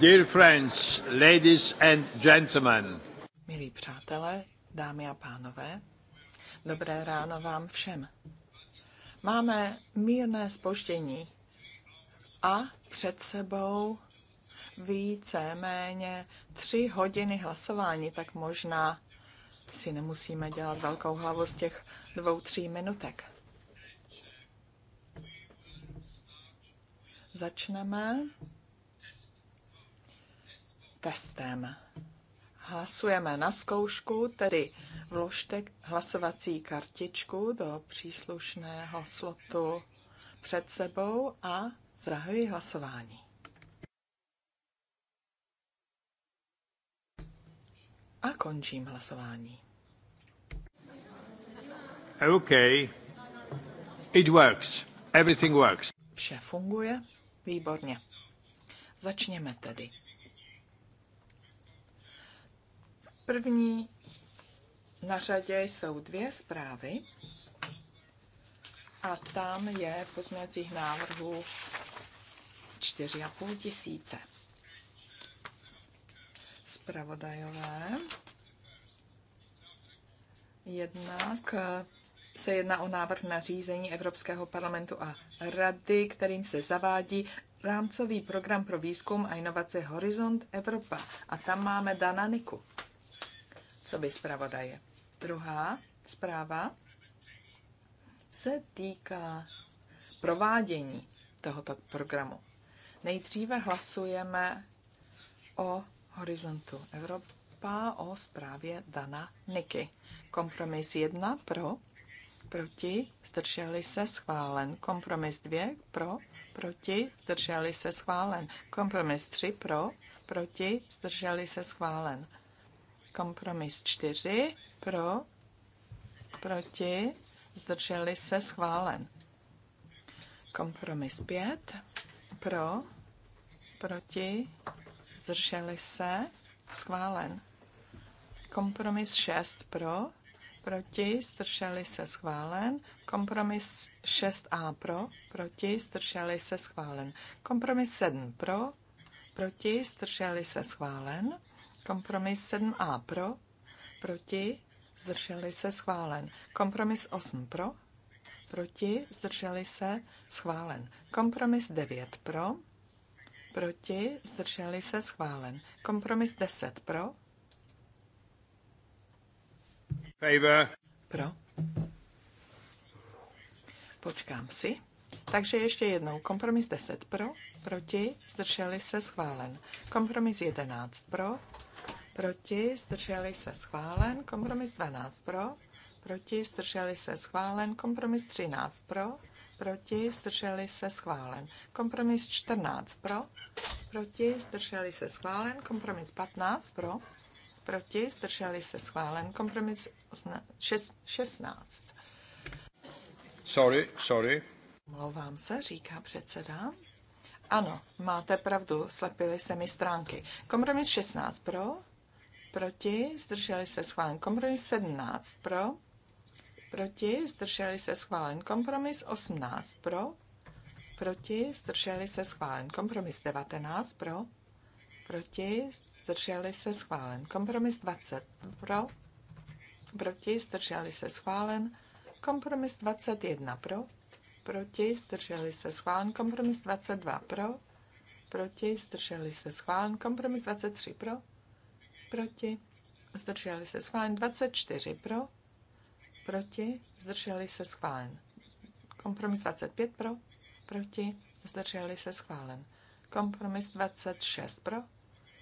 Dear friends, ladies and gentlemen. Milí přátelé, dámy a pánové, dobré ráno vám všem. Máme mírné spoždění a před sebou více méně tři hodiny hlasování, tak možná si nemusíme dělat velkou hlavu z těch dvou, tří minutek. Začneme testem. Hlasujeme na zkoušku, tedy vložte hlasovací kartičku do příslušného slotu před sebou a zahajuji hlasování. A končím hlasování. OK. It works. Everything works. Vše funguje? Výborně. Začněme tedy. První na řadě jsou dvě zprávy a tam je pozměňovacích návrhů 4,5 tisíce. Spravodajové. Jednak se jedná o návrh na řízení Evropského parlamentu a rady, kterým se zavádí rámcový program pro výzkum a inovace Horizont Evropa. A tam máme Dana Niku co by zpravodaje. Druhá zpráva se týká provádění tohoto programu. Nejdříve hlasujeme o horizontu Evropa, o zprávě Dana Niky. Kompromis 1 pro, proti, zdrželi se schválen. Kompromis 2 pro, proti, zdrželi se schválen. Kompromis 3 pro, proti, zdrželi se schválen. Kompromis 4 pro, proti, zdrželi se schválen. Kompromis 5 pro, proti, zdrželi se schválen. Kompromis 6 pro, proti, zdrželi se schválen. Kompromis 6a pro, proti, zdrželi se schválen. Kompromis 7 pro, proti, zdrželi se schválen. Kompromis 7a pro, proti, zdrželi se, schválen. Kompromis 8 pro, proti, zdrželi se, schválen. Kompromis 9 pro, proti, zdrželi se, schválen. Kompromis 10 pro, Favor. Pro. Počkám si. Takže ještě jednou. Kompromis 10 pro, proti, zdrželi se schválen. Kompromis 11 pro, proti, zdrželi se schválen, kompromis 12 pro, proti, zdrželi se schválen, kompromis 13 pro, proti, zdrželi se schválen, kompromis 14 pro, proti, zdrželi se schválen, kompromis 15 pro, proti, zdrželi se schválen, kompromis 16. Sorry, sorry. Mlouvám se, říká předseda. Ano, máte pravdu, slepily se mi stránky. Kompromis 16 pro, proti, zdrželi se schválen kompromis 17 pro, proti, zdrželi se schválen kompromis 18 pro, proti, zdrželi se schválen kompromis 19 pro, proti, zdrželi se schválen kompromis 20 pro, proti, zdrželi se schválen kompromis 21 pro, proti, zdrželi se schválen kompromis 22 pro, proti, zdrželi se schválen kompromis 23 pro, proti, zdrželi se schválen. 24 pro, proti, zdrželi se schválen. Kompromis 25 pro, proti, zdrželi se schválen. Kompromis 26 pro,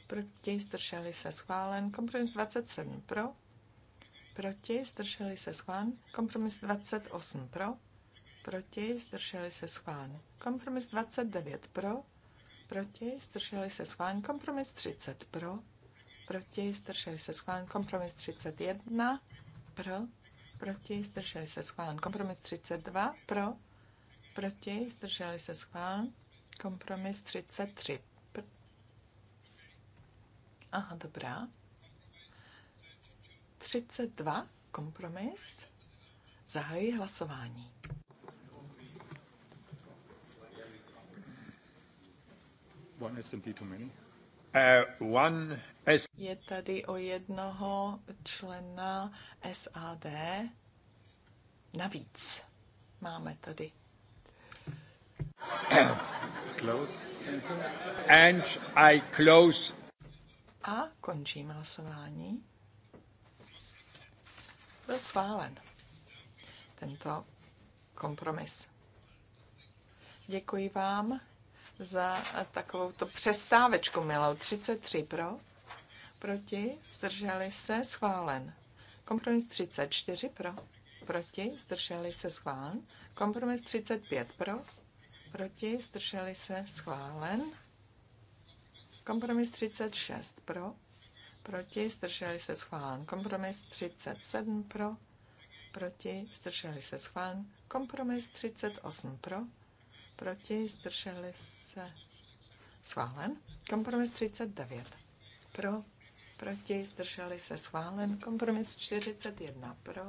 proti, zdrželi se schválen. Kompromis 27 pro, proti, zdrželi se schválen. Kompromis 28 pro, proti, zdrželi se schválen. Kompromis 29 pro, proti, zdrželi se schválen. Kompromis 30 pro, proti, zdrželi se schválen. Kompromis 31, pro, proti, zdrželi se schválen. Kompromis 32, pro, proti, zdrželi se schválen. Kompromis 33. Pr- Aha, dobrá. 32, kompromis. Zahajuji hlasování. One SMT too many. Uh, one je tady o jednoho člena SAD. Navíc máme tady. Close. And I close. A končím hlasování. Byl schválen tento kompromis. Děkuji vám za takovouto přestávečku, milou. 33 pro proti, zdrželi se, schválen. Kompromis 34 pro, proti, zdrželi se, schválen. Kompromis 35 pro, proti, zdrželi se, schválen. Kompromis 36 pro, proti, zdrželi se, schválen. Kompromis 37 pro, proti, zdrželi se, schválen. Kompromis 38 pro, proti, zdrželi se, schválen. Kompromis 39 pro, proti, zdrželi se schválen. Kompromis 41 pro,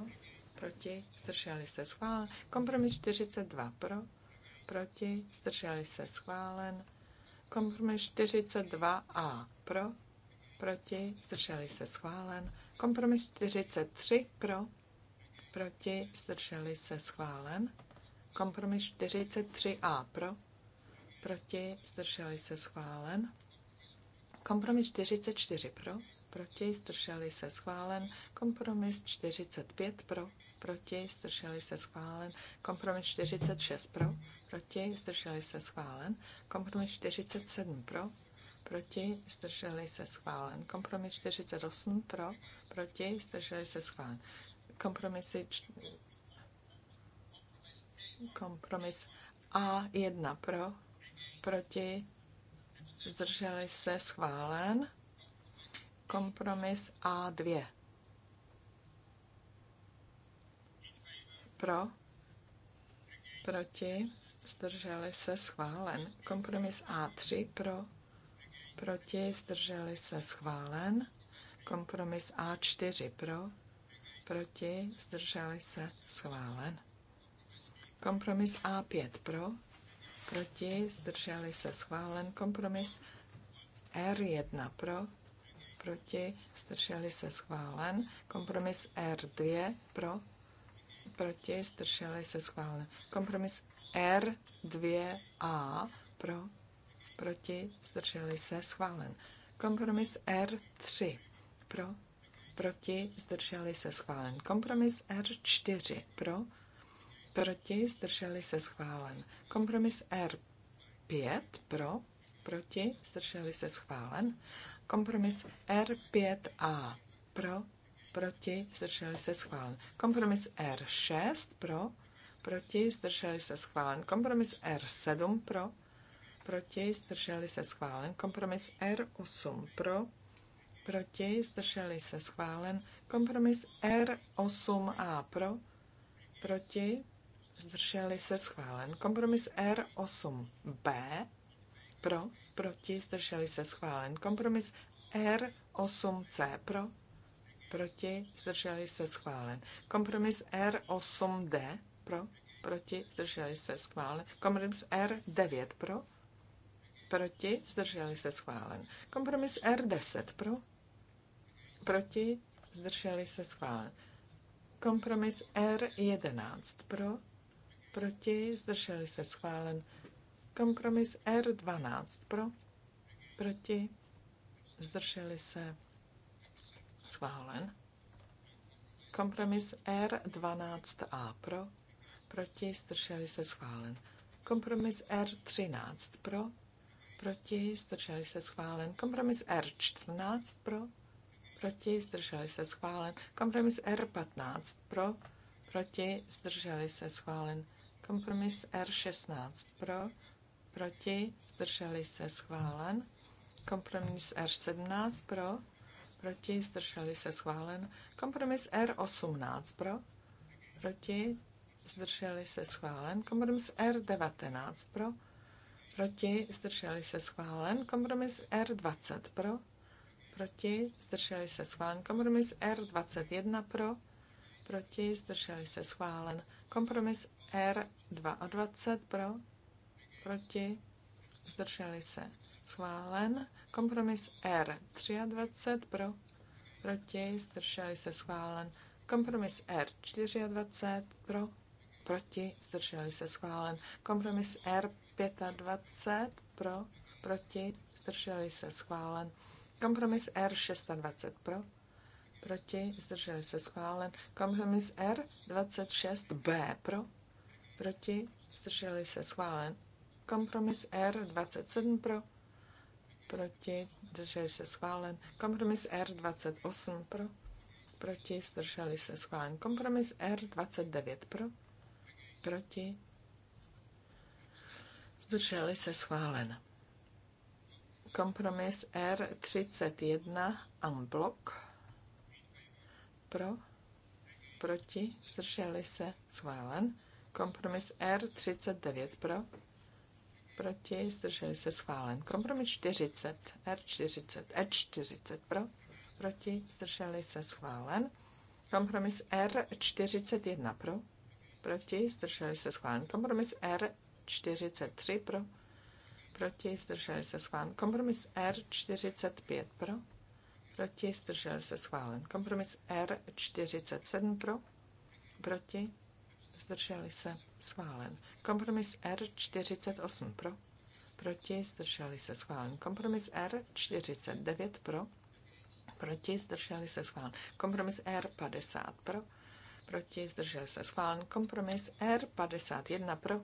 proti, zdrželi se schválen. Kompromis 42 pro, proti, zdrželi se schválen. Kompromis 42a pro, proti, zdrželi se schválen. Kompromis 43 pro, proti, zdrželi se schválen. Kompromis 43a pro, proti, zdrželi se schválen. Kompromis 44 pro, proti, zdrželi se schválen. Kompromis 45 pro, proti, zdrželi se schválen. Kompromis 46 pro, proti, zdrželi se schválen. Kompromis 47 pro, proti, zdrželi se schválen. Kompromis 48 pro, proti, zdrželi se schválen. Kompromisy kompromis A1 pro, proti, zdrželi se schválen. Kompromis A2. Pro, proti, zdrželi se schválen. Kompromis A3 pro, proti, zdrželi se schválen. Kompromis A4 pro, proti, zdrželi se schválen. Kompromis A5 pro, proti, zdrželi se schválen. Kompromis R1 pro, proti, zdrželi se schválen. Kompromis R2 pro, proti, zdrželi se schválen. Kompromis R2A pro, proti, zdrželi se schválen. Kompromis R3 pro, proti, zdrželi se schválen. Kompromis R4 pro, proti, zdrželi se schválen. Kompromis R5 pro, proti, zdrželi se schválen. Kompromis R5A pro, proti, zdrželi se schválen. Kompromis R6 pro, proti, zdrželi se schválen. Kompromis R7 pro, proti, zdrželi se schválen. Kompromis R8 pro, proti, zdrželi se schválen. Kompromis R8A pro, proti, zdrželi se schválen. Kompromis R8B pro, proti, zdrželi se schválen. Kompromis R8C pro, proti, zdrželi se schválen. Kompromis R8D pro, proti, zdrželi se schválen. Kompromis R9 pro, proti, zdrželi se schválen. Kompromis R10 pro, proti, zdrželi se schválen. Kompromis R11 pro, proti, zdrželi se schválen. Kompromis R12 pro, proti, zdrželi se, schválen. Kompromis R12A pro, proti, zdrželi se, schválen. Kompromis R13 pro, proti, zdrželi se, schválen. Kompromis R14 pro, proti, zdrželi se, schválen. Kompromis R15 pro, proti, zdrželi se, schválen. Kompromis R16 pro, proti, zdrželi se schválen. Kompromis R17 pro, proti, zdrželi se schválen. Kompromis R18 pro, proti, zdrželi se schválen. Kompromis R19 pro, proti, zdrželi se schválen. Kompromis R20 pro, proti, zdrželi se schválen. Kompromis R21 pro, proti, zdrželi se schválen. Kompromis R22 pro, proti, zdrželi se. Schválen. Kompromis R 23 pro, proti, zdrželi se. Schválen. Kompromis R 24 pro, proti, zdrželi se. Schválen. Kompromis R 25 pro, proti, zdrželi se. Schválen. Kompromis R 26 pro, proti, zdrželi se. Schválen. Kompromis R 26B pro, proti, zdrželi se. Schválen. Kompromis R27 pro, proti, zdrželi se schválen. Kompromis R28 pro, proti, zdrželi se schválen. Kompromis R29 pro, proti, zdrželi se schválen. Kompromis R31 unblock pro, proti, zdrželi se schválen. Kompromis R39 pro, proti, zdrželi se schválen. Kompromis 40, R40, r 40 pro, proti, zdrželi se schválen. Kompromis R41 pro, proti, zdrželi se schválen. Kompromis R43 pro, proti, zdrželi se schválen. Kompromis R45 pro, proti, zdrželi se schválen. Kompromis R47 pro, proti, zdrželi se, schválen. Kompromis R48 pro, proti, zdrželi se, schválen. Kompromis R49 pro, proti, zdrželi se, schválen. Kompromis R50 pro, proti, zdrželi se, schválen. Kompromis R51 pro,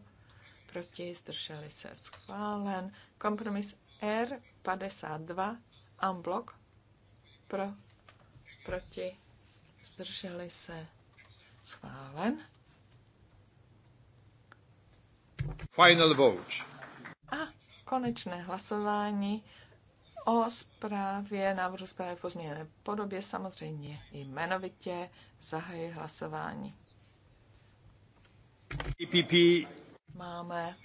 proti, zdrželi se, schválen. Kompromis R52 unblock pro, proti, zdrželi se, schválen. Final vote. A konečné hlasování o zprávě, návrhu zprávy v pozměněné podobě, samozřejmě i jmenovitě zahají hlasování. EPP. Máme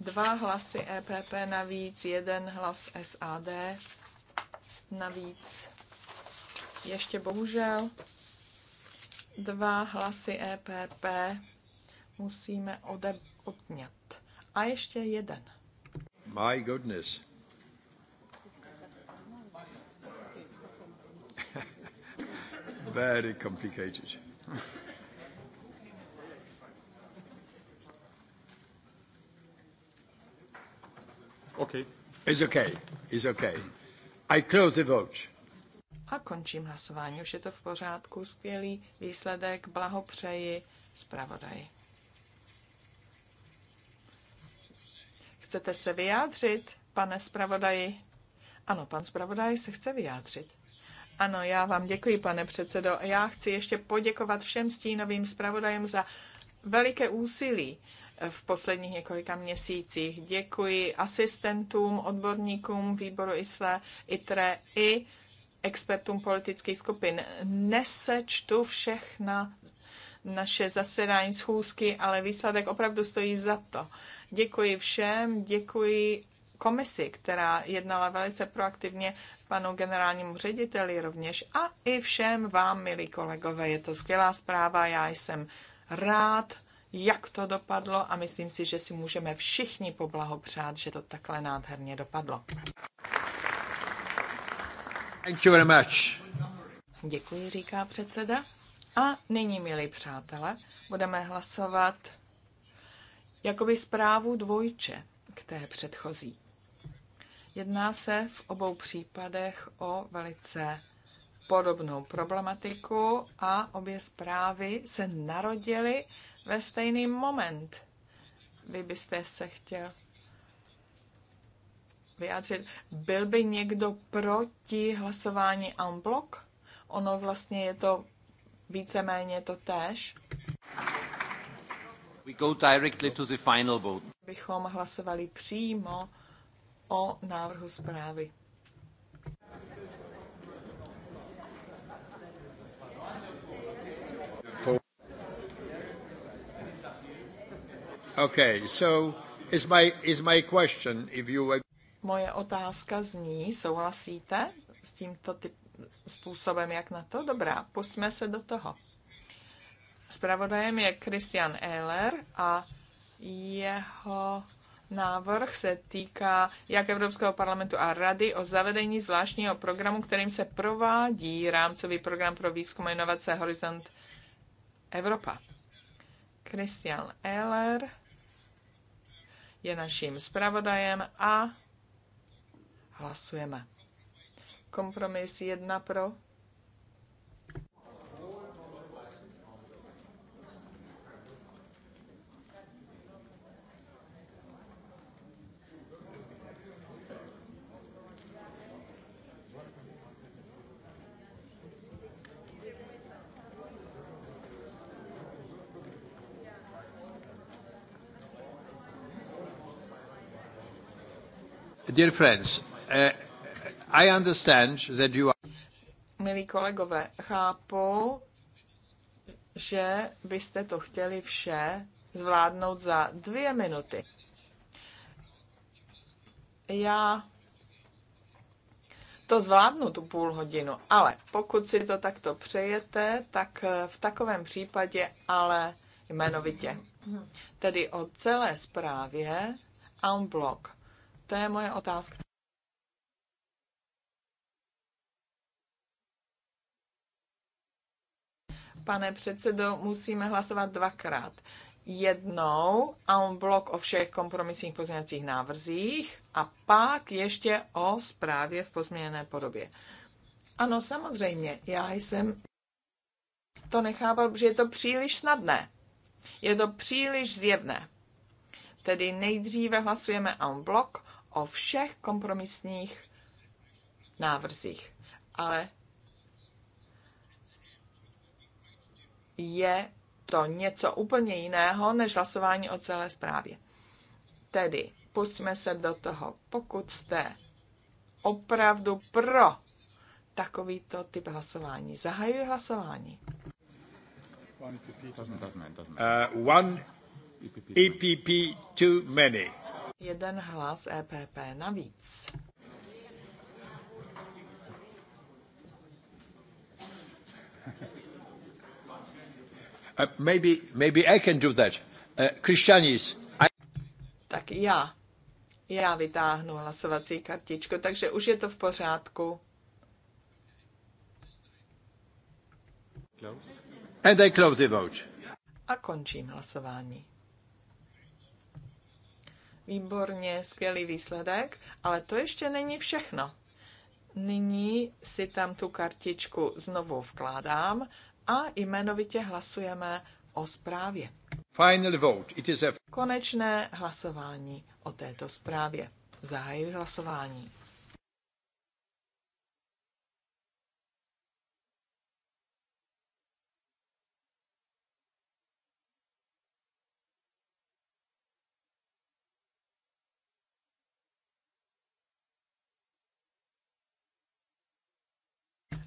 dva hlasy EPP navíc, jeden hlas SAD navíc. Ještě bohužel dva hlasy EPP musíme ode, odňat. A ještě jeden. My goodness. Very complicated. okay. It's okay. It's okay. I close the vote. A končím hlasování. Už je to v pořádku. Skvělý výsledek. Blahopřeji zpravodaji. Chcete se vyjádřit, pane zpravodaji? Ano, pan zpravodaj se chce vyjádřit. Ano, já vám děkuji, pane předsedo. Já chci ještě poděkovat všem stínovým zpravodajům za veliké úsilí v posledních několika měsících. Děkuji asistentům, odborníkům výboru ISLE, ITRE i expertům politických skupin. Nesečtu všechna naše zasedání schůzky, ale výsledek opravdu stojí za to. Děkuji všem, děkuji komisi, která jednala velice proaktivně panu generálnímu řediteli rovněž a i všem vám, milí kolegové. Je to skvělá zpráva, já jsem rád, jak to dopadlo a myslím si, že si můžeme všichni poblahopřát, že to takhle nádherně dopadlo. Thank you very much. Děkuji, říká předseda. A nyní, milí přátelé, budeme hlasovat jakoby zprávu dvojče k té předchozí. Jedná se v obou případech o velice podobnou problematiku a obě zprávy se narodily ve stejný moment. Vy byste se chtěl vyjádřit. Byl by někdo proti hlasování unblock? Ono vlastně je to víceméně to též. We go directly to the final vote. Bychom hlasovali přímo o návrhu zprávy. Okay, so is my, is my question, if you... Moje otázka zní, souhlasíte s tímto typ, způsobem, jak na to? Dobrá, pusťme se do toho. Spravodajem je Christian Ehler a jeho návrh se týká jak Evropského parlamentu a Rady o zavedení zvláštního programu, kterým se provádí rámcový program pro výzkum a inovace Horizont Evropa. Christian Ehler je naším zpravodajem a hlasujeme. Kompromis jedna pro. Dear friends, uh, i understand that you are... Milí kolegové, chápu, že byste to chtěli vše zvládnout za dvě minuty. Já to zvládnu tu půl hodinu, ale pokud si to takto přejete, tak v takovém případě ale jmenovitě. Tedy o celé zprávě en To je moje otázka. pane předsedo, musíme hlasovat dvakrát. Jednou a on blok o všech kompromisních pozměňovacích návrzích a pak ještě o zprávě v pozměněné podobě. Ano, samozřejmě, já jsem to nechápal, že je to příliš snadné. Je to příliš zjevné. Tedy nejdříve hlasujeme en blok o všech kompromisních návrzích. Ale je to něco úplně jiného než hlasování o celé zprávě. Tedy pustíme se do toho. Pokud jste opravdu pro takovýto typ hlasování, zahajuji hlasování. Uh, one EPP too many. Jeden hlas EPP navíc. Uh, maybe, maybe I can do that. Uh, I... Tak já. Já vytáhnu hlasovací kartičku, takže už je to v pořádku. Close. And I close the vote. A končím hlasování. Výborně, skvělý výsledek, ale to ještě není všechno. Nyní si tam tu kartičku znovu vkládám a jmenovitě hlasujeme o zprávě. Final vote. It is a... Konečné hlasování o této zprávě. Zahajuji hlasování.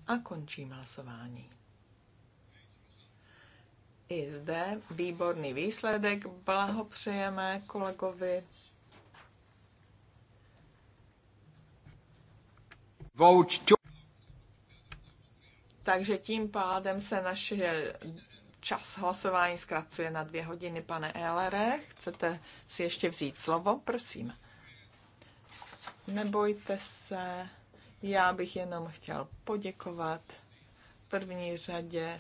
a končím hlasování i zde výborný výsledek. Blahopřejeme kolegovi. Takže tím pádem se naše čas hlasování zkracuje na dvě hodiny, pane Elere. Chcete si ještě vzít slovo? Prosím. Nebojte se, já bych jenom chtěl poděkovat v první řadě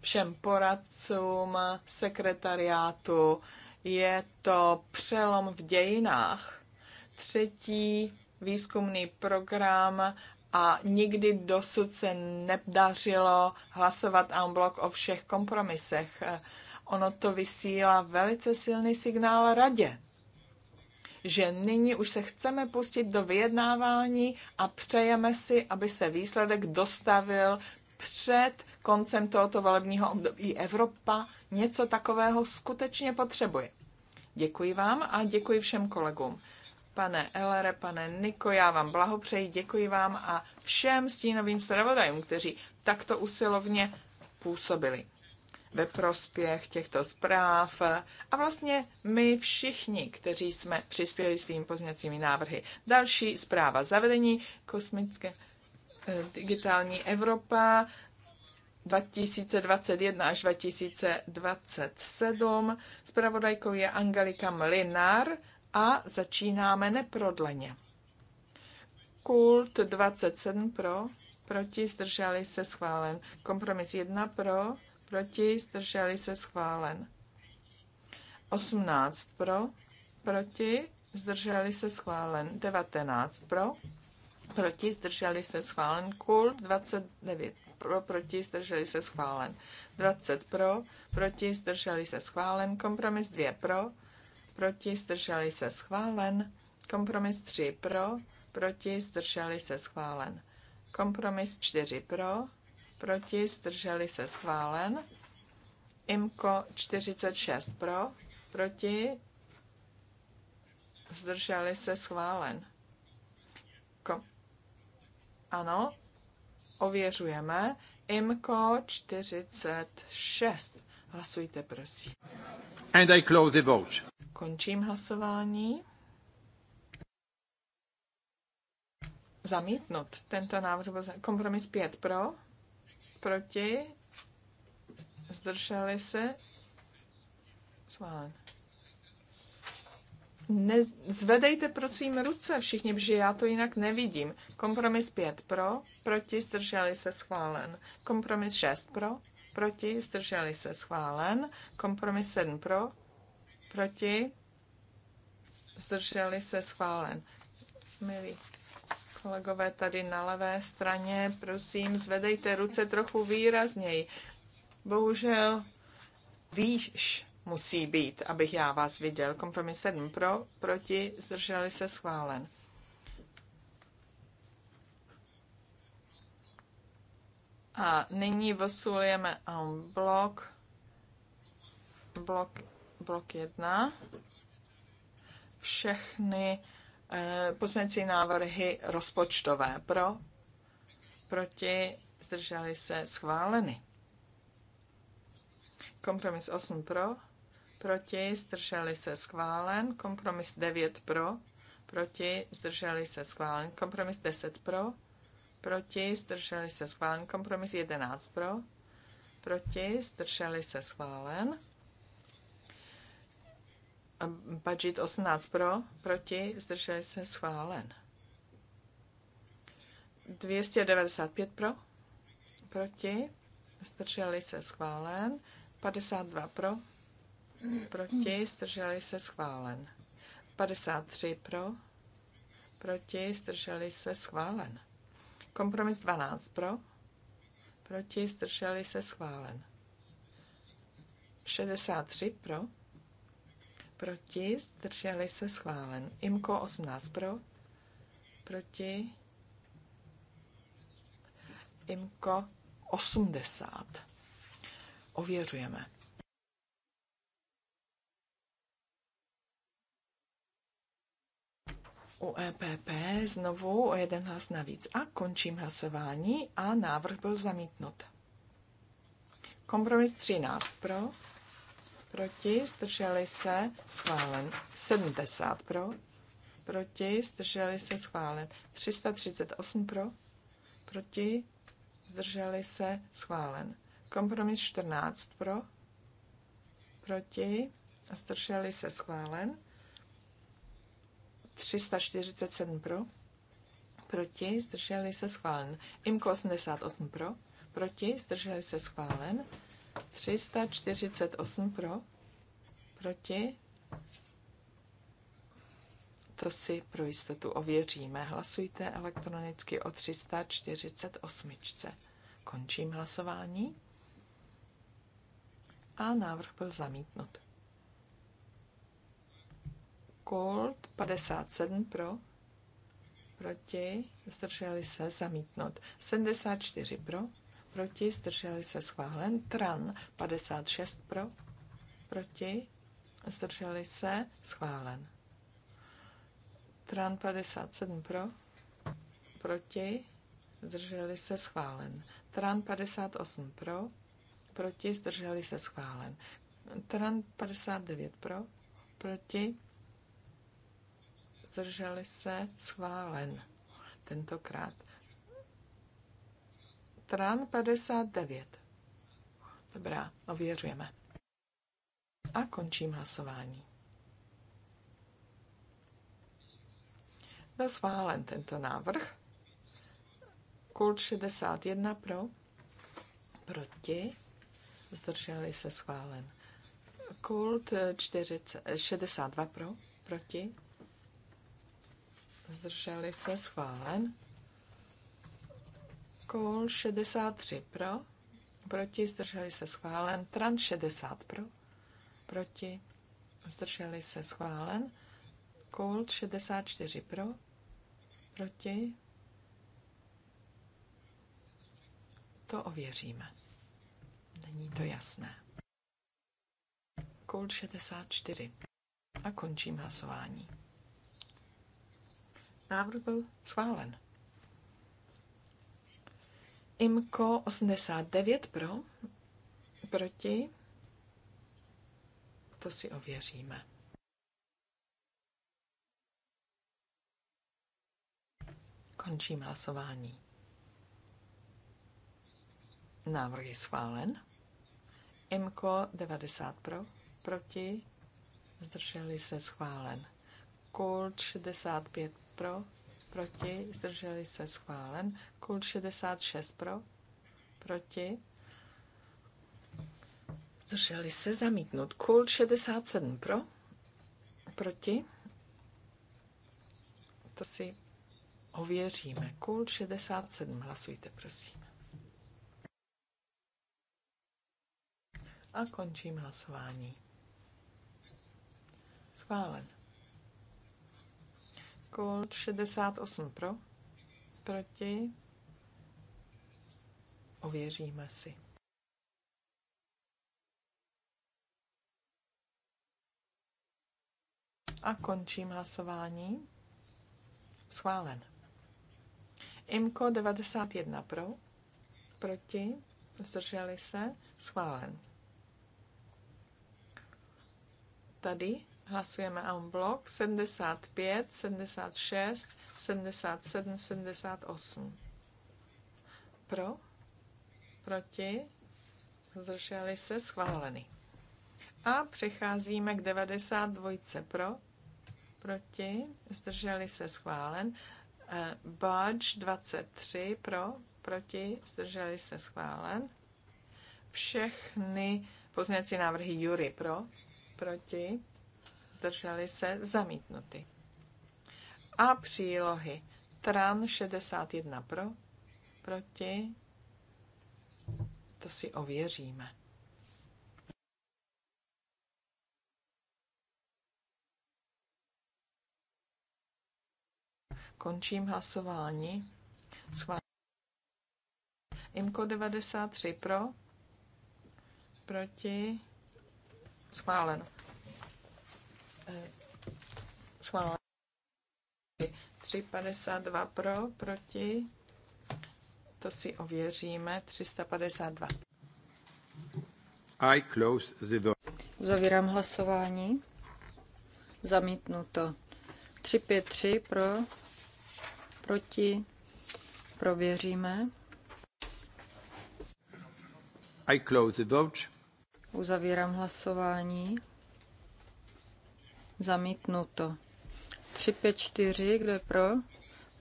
všem poradcům, sekretariátu. Je to přelom v dějinách. Třetí výzkumný program a nikdy dosud se nedařilo hlasovat en o všech kompromisech. Ono to vysílá velice silný signál radě, že nyní už se chceme pustit do vyjednávání a přejeme si, aby se výsledek dostavil před koncem tohoto volebního období Evropa něco takového skutečně potřebuje. Děkuji vám a děkuji všem kolegům. Pane Elere, pane Niko, já vám blahopřeji, děkuji vám a všem stínovým zpravodajům, kteří takto usilovně působili ve prospěch těchto zpráv a vlastně my všichni, kteří jsme přispěli svými pozměcími návrhy. Další zpráva zavedení kosmické eh, digitální Evropa, 2021 až 2027. Spravodajkou je Angelika Mlinár a začínáme neprodleně. Kult 27 pro, proti, zdrželi se schválen. Kompromis 1 pro, proti, zdrželi se schválen. 18 pro, proti, zdrželi se schválen. 19 pro, proti, zdrželi se schválen. Kult 29 pro, proti, zdrželi se schválen. 20 pro, proti, zdrželi se schválen. Kompromis 2 pro, proti, zdrželi se schválen. Kompromis 3 pro, proti, zdrželi se schválen. Kompromis 4 pro, proti, zdrželi se schválen. IMKO 46 pro, proti, zdrželi se schválen. ano, ověřujeme. IMCO 46. Hlasujte, prosím. And I close the vote. Končím hlasování. Zamítnut. Tento návrh byl kompromis 5 pro, proti, zdrželi se, schválen. Zvedejte prosím ruce všichni, protože já to jinak nevidím. Kompromis 5 pro, proti, zdrželi se schválen. Kompromis 6 pro, proti, zdrželi se schválen. Kompromis 7 pro, proti, zdrželi se schválen. Milí kolegové tady na levé straně, prosím, zvedejte ruce trochu výrazněji. Bohužel výš musí být, abych já vás viděl. Kompromis 7 pro, proti, zdrželi se schválen. A nyní vosulujeme blok, blok, blok 1. Všechny eh, poslanecí návrhy rozpočtové pro, proti, zdrželi se schváleny. Kompromis 8 pro, proti, zdrželi se schválen, kompromis 9 pro, proti, zdrželi se schválen, kompromis 10 pro, proti, zdrželi se schválen, kompromis 11 pro, proti, zdrželi se schválen, budget 18 pro, proti, zdrželi se schválen. 295 pro, proti, zdrželi se schválen, 52 pro, proti, zdrželi se schválen. 53 pro, proti, zdrželi se schválen. Kompromis 12 pro, proti, zdrželi se schválen. 63 pro, proti, zdrželi se schválen. Imko 18 pro, proti, Imko 80. Ověřujeme. u EPP znovu o jeden hlas navíc. A končím hlasování a návrh byl zamítnut. Kompromis 13 pro, proti, zdrželi se, schválen. 70 pro, proti, zdrželi se, schválen. 338 pro, proti, zdrželi se, schválen. Kompromis 14 pro, proti, zdrželi se, schválen. 347 pro, proti, zdrželi se schválen. IMKO 88 pro, proti, zdrželi se schválen. 348 pro, proti. To si pro jistotu ověříme. Hlasujte elektronicky o 348. Končím hlasování. A návrh byl zamítnut. Kult 57 pro, proti, zdrželi se, zamítnout. 74 pro, proti, zdrželi se, schválen. Tran 56 pro, proti, zdrželi se, schválen. Tran 57 pro, proti, zdrželi se, schválen. Tran 58 pro, proti, zdrželi se, schválen. Tran 59 pro, proti, zdrželi se, schválen tentokrát. Tran 59. Dobrá, ověřujeme. A končím hlasování. Byl schválen tento návrh. Kult 61 pro, proti, zdrželi se schválen. Kult 40, 62 pro, proti, zdrželi se, schválen. Kol 63 pro, proti, zdrželi se, schválen. Tran 60 pro, proti, zdrželi se, schválen. Kol 64 pro, proti. To ověříme. Není to jasné. Kol 64. A končím hlasování. Návrh byl schválen. IMKO 89 pro, proti. To si ověříme. Končím hlasování. Návrh je schválen. IMKO 90 pro, proti. Zdrželi se schválen. KUL 65 pro, proti, zdrželi se schválen. Kult 66 pro, proti, zdrželi se zamítnut. Kult 67 pro, proti, to si ověříme. Kult 67, hlasujte prosím. A končím hlasování. Schválen. Kult 68 pro, proti, ověříme si. A končím hlasování. Schválen. IMKO 91 pro, proti, zdrželi se, schválen. Tady Hlasujeme en blok 75, 76, 77, 78. Pro? Proti? Zdrželi se? schváleny. A přecházíme k 92 pro, proti, zdrželi se schválen. E, Budge 23 pro, proti, zdrželi se schválen. Všechny pozměňovací návrhy Jury pro, proti, zdrželi se, zamítnuty. A přílohy. Tran 61 pro, proti, to si ověříme. Končím hlasování. Schválím. IMKO 93 pro, proti, schváleno. Eh, schváleno. 352 pro, proti, to si ověříme, 352. I close the vote. Zavírám hlasování. Zamítnuto. 353 pro, proti, prověříme. I close the vote. Uzavírám hlasování. Zamítnuto. 3, 5, 4, kdo je pro?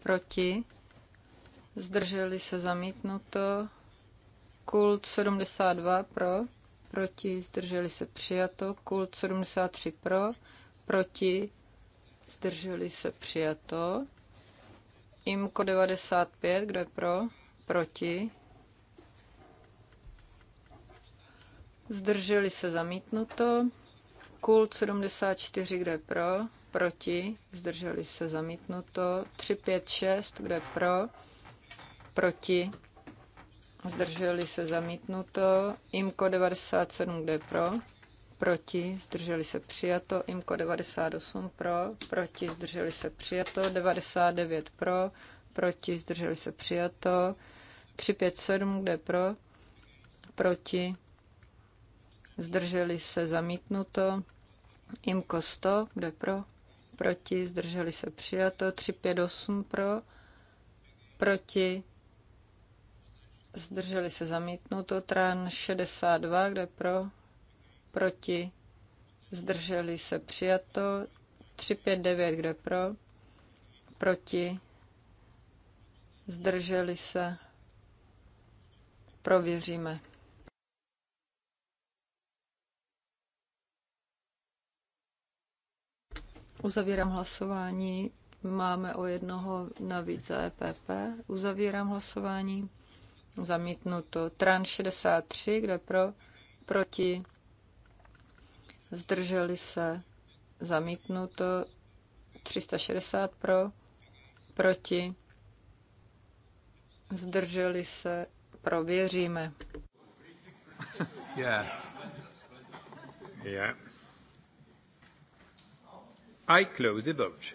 Proti. Zdrželi se zamítnuto. Kult 72 pro. Proti. Zdrželi se přijato. Kult 73 pro. Proti. Zdrželi se přijato. Imko 95, kdo je pro? Proti. Zdrželi se zamítnuto. Kult 74, kde je pro, proti, zdrželi se zamítnuto. 356, kde je pro, proti, zdrželi se zamítnuto. Imko 97, kde je pro, proti, zdrželi se přijato. Imko 98 pro, proti, zdrželi se přijato. 99 pro, proti, zdrželi se přijato. 357, kde je pro, proti, zdrželi se zamítnuto, IMKO 100, kde pro, proti, zdrželi se přijato, 358 pro, proti, zdrželi se zamítnuto, TRAN 62, kde pro, proti, zdrželi se přijato, 359, kde pro, proti, zdrželi se, prověříme. Uzavírám hlasování. Máme o jednoho navíc za EPP. Uzavírám hlasování. Zamítnuto. Tran 63, kde pro? Proti. Zdrželi se. Zamítnuto. 360 pro. Proti. Zdrželi se. Prověříme. Yeah. Yeah. I close the vote.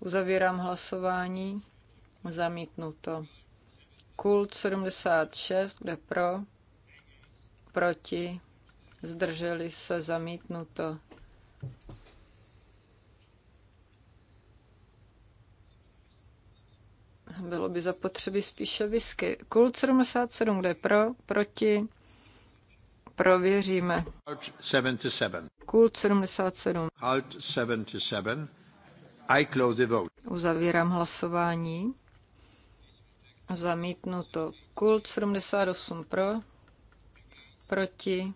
Uzavírám hlasování. Zamítnuto. Kult 76, kde pro, proti, zdrželi se, zamítnuto. Bylo by zapotřebí spíše visky. Kult 77, kde pro, proti, Prověříme. Kult 77. Kult 77. 77. I close the vote. Uzavírám hlasování. Zamítnuto. Kult 78 pro. Proti.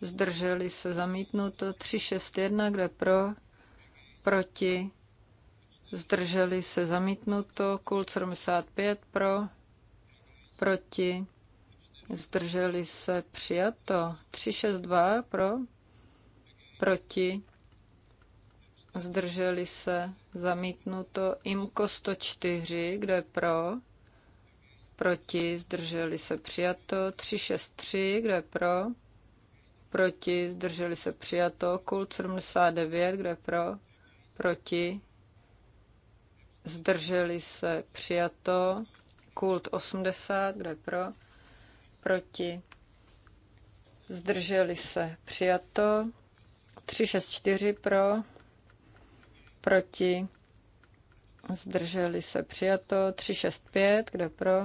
Zdrželi se zamítnuto. 361, kde pro. Proti. Zdrželi se zamítnuto. Kult 75 pro. Proti zdrželi se přijato 362 pro, proti, zdrželi se zamítnuto IMKO 104, Kdo je pro, proti, zdrželi se přijato 363, je pro, proti, zdrželi se přijato KULT 79, Kdo je pro, proti, zdrželi se přijato KULT 80, Kdo je pro, proti, zdrželi se, přijato. 4 pro, proti, zdrželi se, přijato. 5. kde pro?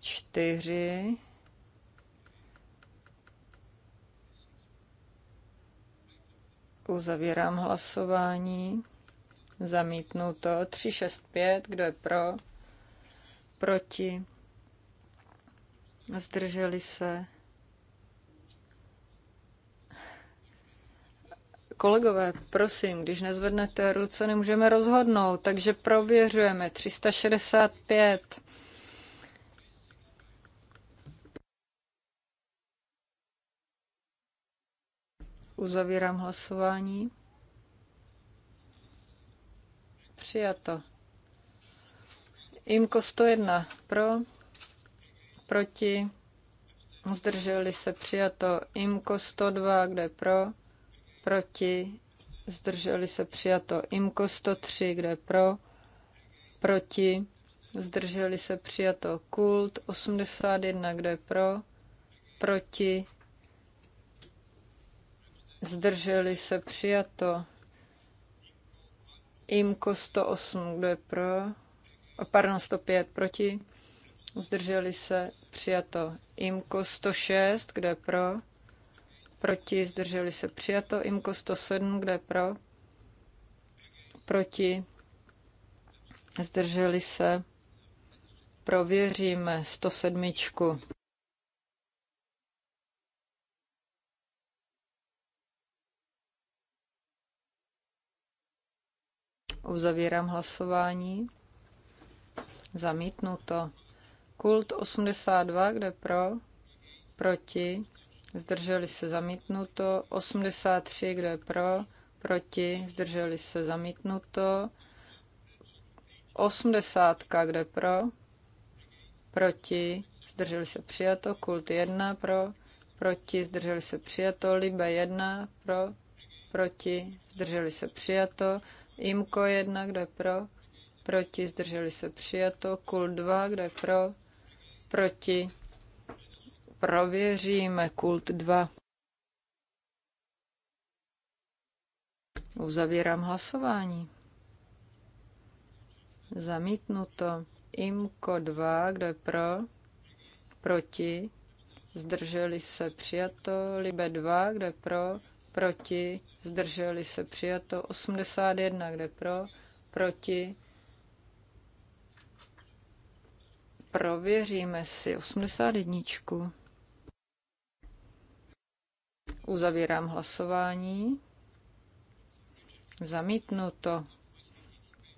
4. Uzavírám hlasování. to. 6, 5. kdo je pro? Proti zdrželi se. Kolegové, prosím, když nezvednete ruce, nemůžeme rozhodnout, takže prověřujeme 365. Uzavírám hlasování. Přijato. IMKO 101 pro proti, zdrželi se přijato IMKO 102, kde je pro, proti, zdrželi se přijato IMKO 103, kde je pro, proti, zdrželi se přijato KULT 81, kde je pro, proti, zdrželi se přijato IMKO 108, kde je pro, pardon, 105 proti, zdrželi se, přijato. Imko 106, kde je pro, proti, zdrželi se, přijato. Imko 107, kde je pro, proti, zdrželi se, prověříme 107. Uzavírám hlasování. Zamítnuto. Kult 82, kde pro, proti, zdrželi se zamítnuto. 83, kde pro, proti, zdrželi se zamítnuto. 80, kde pro, proti, zdrželi se přijato. Kult 1 pro, proti, zdrželi se přijato. Libe 1 pro, proti, zdrželi se přijato. Imko 1, kde pro, proti, zdrželi se přijato. Kult 2, kde pro, proti, prověříme kult 2. Uzavírám hlasování. Zamítnuto. Imko 2, kdo je pro? Proti. Zdrželi se přijato. Libe 2, kdo je pro? Proti. Zdrželi se přijato. 81, kde pro? Proti. Prověříme si 81. Uzavírám hlasování. Zamítnuto.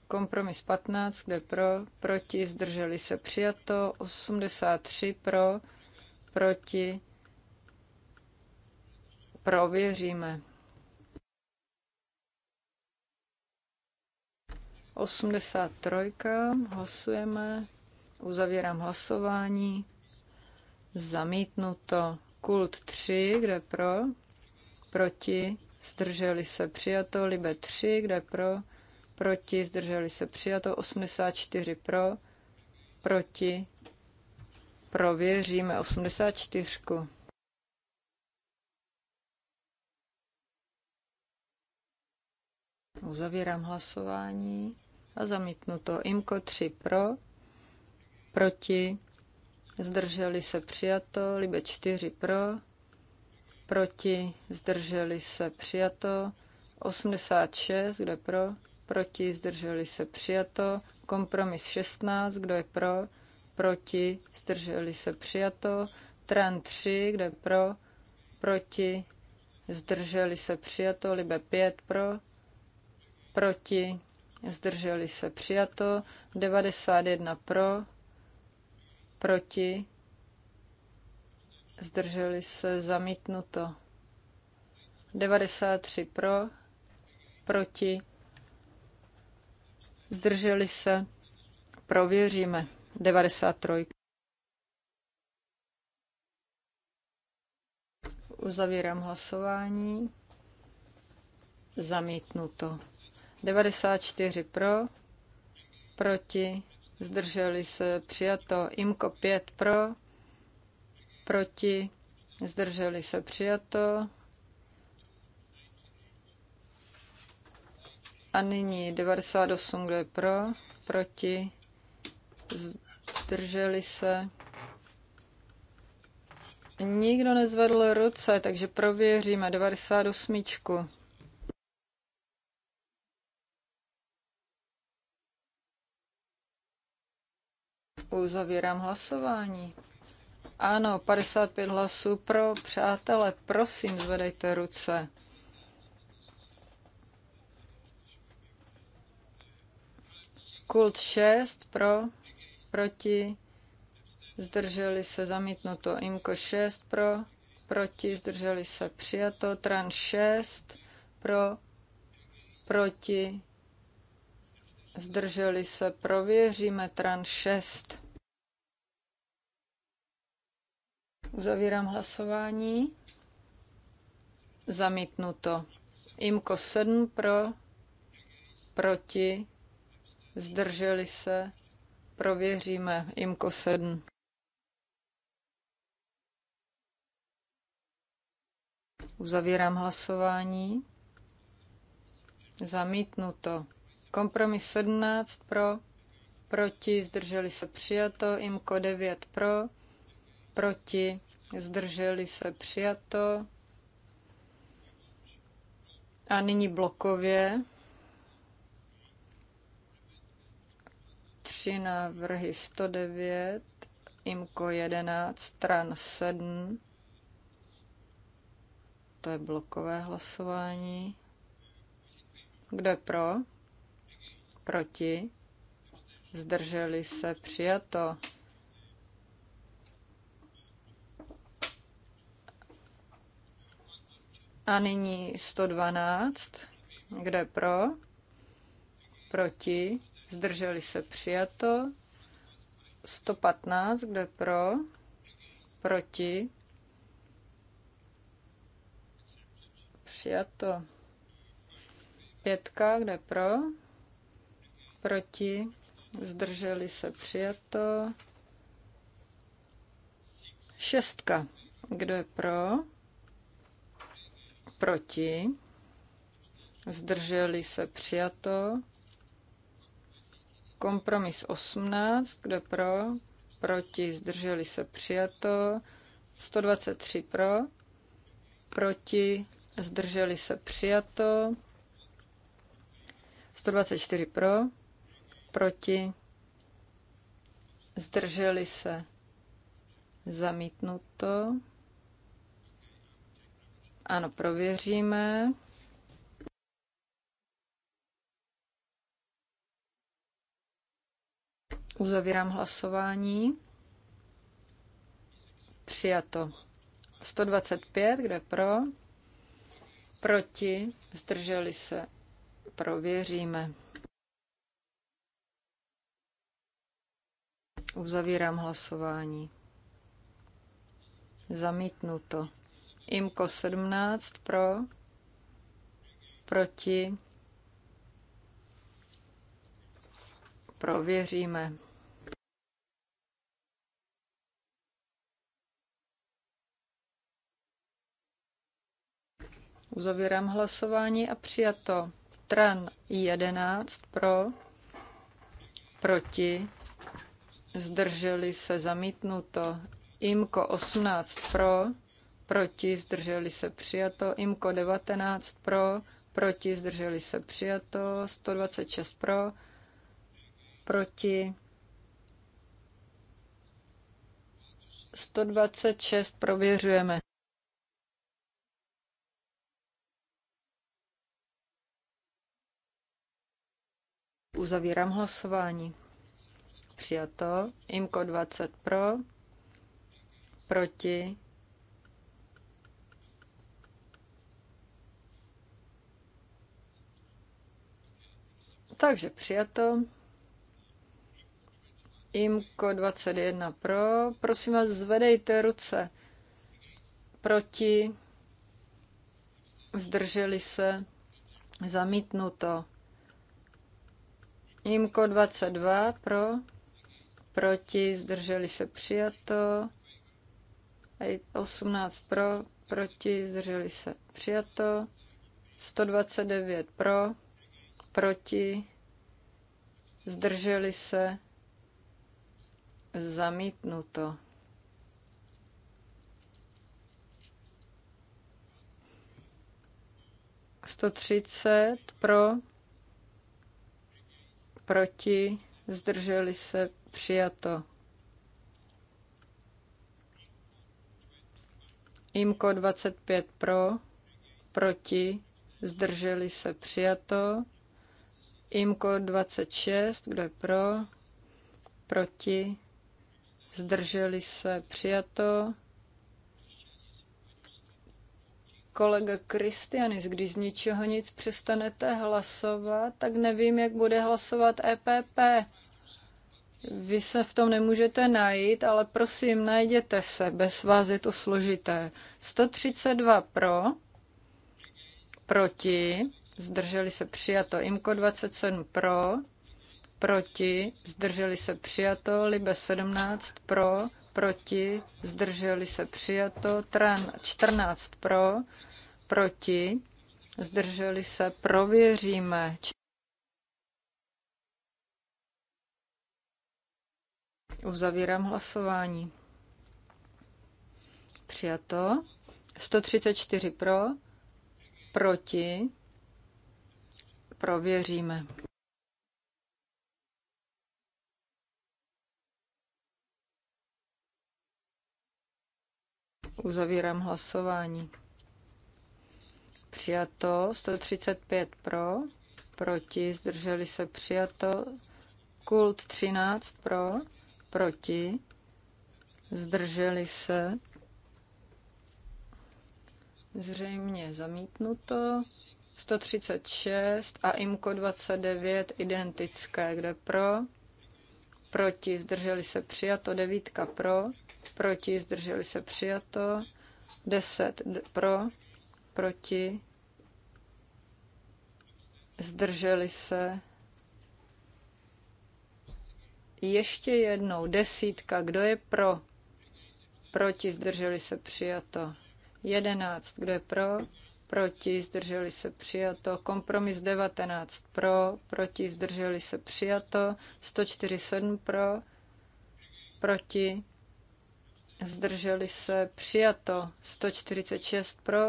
Kompromis 15, kde pro, proti, zdrželi se přijato, 83 pro, proti, prověříme. 83, hlasujeme. Uzavírám hlasování. Zamítnuto. Kult 3, kde pro? Proti. Zdrželi se přijato. Libe 3, kde pro? Proti. Zdrželi se přijato. 84 pro. Proti. Prověříme 84. Uzavírám hlasování a zamítnuto. Imko 3 pro proti, zdrželi se přijato, Libe čtyři pro, proti, zdrželi se přijato, 86, kdo je pro, proti, zdrželi se přijato, kompromis 16, kdo je pro, proti, zdrželi se přijato, tran 3, kdo je pro, proti, zdrželi se přijato, libe 5 pro, proti, zdrželi se přijato, 91 pro, proti, zdrželi se zamítnuto. 93 pro, proti, zdrželi se, prověříme. 93. Uzavírám hlasování. Zamítnuto. 94 pro, proti, zdrželi se, přijato. Imko 5 pro, proti, zdrželi se, přijato. A nyní 98, kdo je pro, proti, zdrželi se. Nikdo nezvedl ruce, takže prověříme 98. Uzavírám hlasování. Ano, 55 hlasů pro. Přátelé, prosím, zvedejte ruce. Kult 6 pro, proti, zdrželi se zamítnuto. Imko 6 pro, proti, zdrželi se přijato. Tran 6 pro, proti, zdrželi se, prověříme tran 6. Zavírám hlasování. Zamítnuto. Imko 7 pro, proti, zdrželi se, prověříme. Imko 7. Uzavírám hlasování. Zamítnuto. Kompromis 17 pro, proti, zdrželi se přijato, IMKO 9 pro, proti, zdrželi se přijato. A nyní blokově tři návrhy 109, IMKO 11, stran 7. To je blokové hlasování. Kdo je pro? proti, zdrželi se přijato. A nyní 112, kde pro, proti, zdrželi se přijato. 115, kde pro, proti, přijato. Pětka, kde pro, proti, zdrželi se přijato. Šestka, kdo je pro, proti, zdrželi se přijato. Kompromis 18, kdo je pro, proti, zdrželi se přijato. 123 pro, proti, zdrželi se přijato. 124 pro, proti, zdrželi se, zamítnuto. Ano, prověříme. Uzavírám hlasování. Přijato. 125, kde pro? Proti, zdrželi se, prověříme. Uzavírám hlasování. Zamítnuto. Imko 17 pro, proti, prověříme. Uzavírám hlasování a přijato. Tran 11 pro, proti, zdrželi se zamítnuto, IMKO 18 pro, proti, zdrželi se přijato, IMKO 19 pro, proti, zdrželi se přijato, 126 pro, proti, 126 prověřujeme. Uzavírám hlasování přijato. IMKO 20 pro, proti, Takže přijato. IMKO 21 pro. Prosím vás, zvedejte ruce. Proti. Zdrželi se. Zamítnuto. IMKO 22 pro proti, zdrželi se přijato. 18 pro, proti, zdrželi se přijato. 129 pro, proti, zdrželi se zamítnuto. Sto třicet pro, proti, zdrželi se Přijato. Imko 25 pro, proti, zdrželi se přijato. Imko 26, kdo je pro, proti, zdrželi se přijato. Kolega Kristianis, když z ničeho nic přestanete hlasovat, tak nevím, jak bude hlasovat EPP. Vy se v tom nemůžete najít, ale prosím, najděte se. Bez vás je to složité. 132 pro, proti, zdrželi se přijato. Imko 27 pro, proti, zdrželi se přijato. Libe 17 pro, proti, zdrželi se přijato. Tran 14 pro, proti, zdrželi se, prověříme. Uzavírám hlasování. Přijato. 134 pro, proti, prověříme. Uzavírám hlasování. Přijato 135 pro, proti, zdrželi se přijato, kult 13 pro, proti, zdrželi se, zřejmě zamítnuto, 136 a IMKO 29 identické, kde pro, proti, zdrželi se, přijato, devítka pro, proti, zdrželi se, přijato, 10 pro, proti, zdrželi se, ještě jednou, desítka, kdo je pro? Proti, zdrželi se, přijato. Jedenáct, kdo je pro? Proti, zdrželi se, přijato. Kompromis 19, pro, proti, zdrželi se, přijato. 147 pro, proti, zdrželi se, přijato. 146 pro,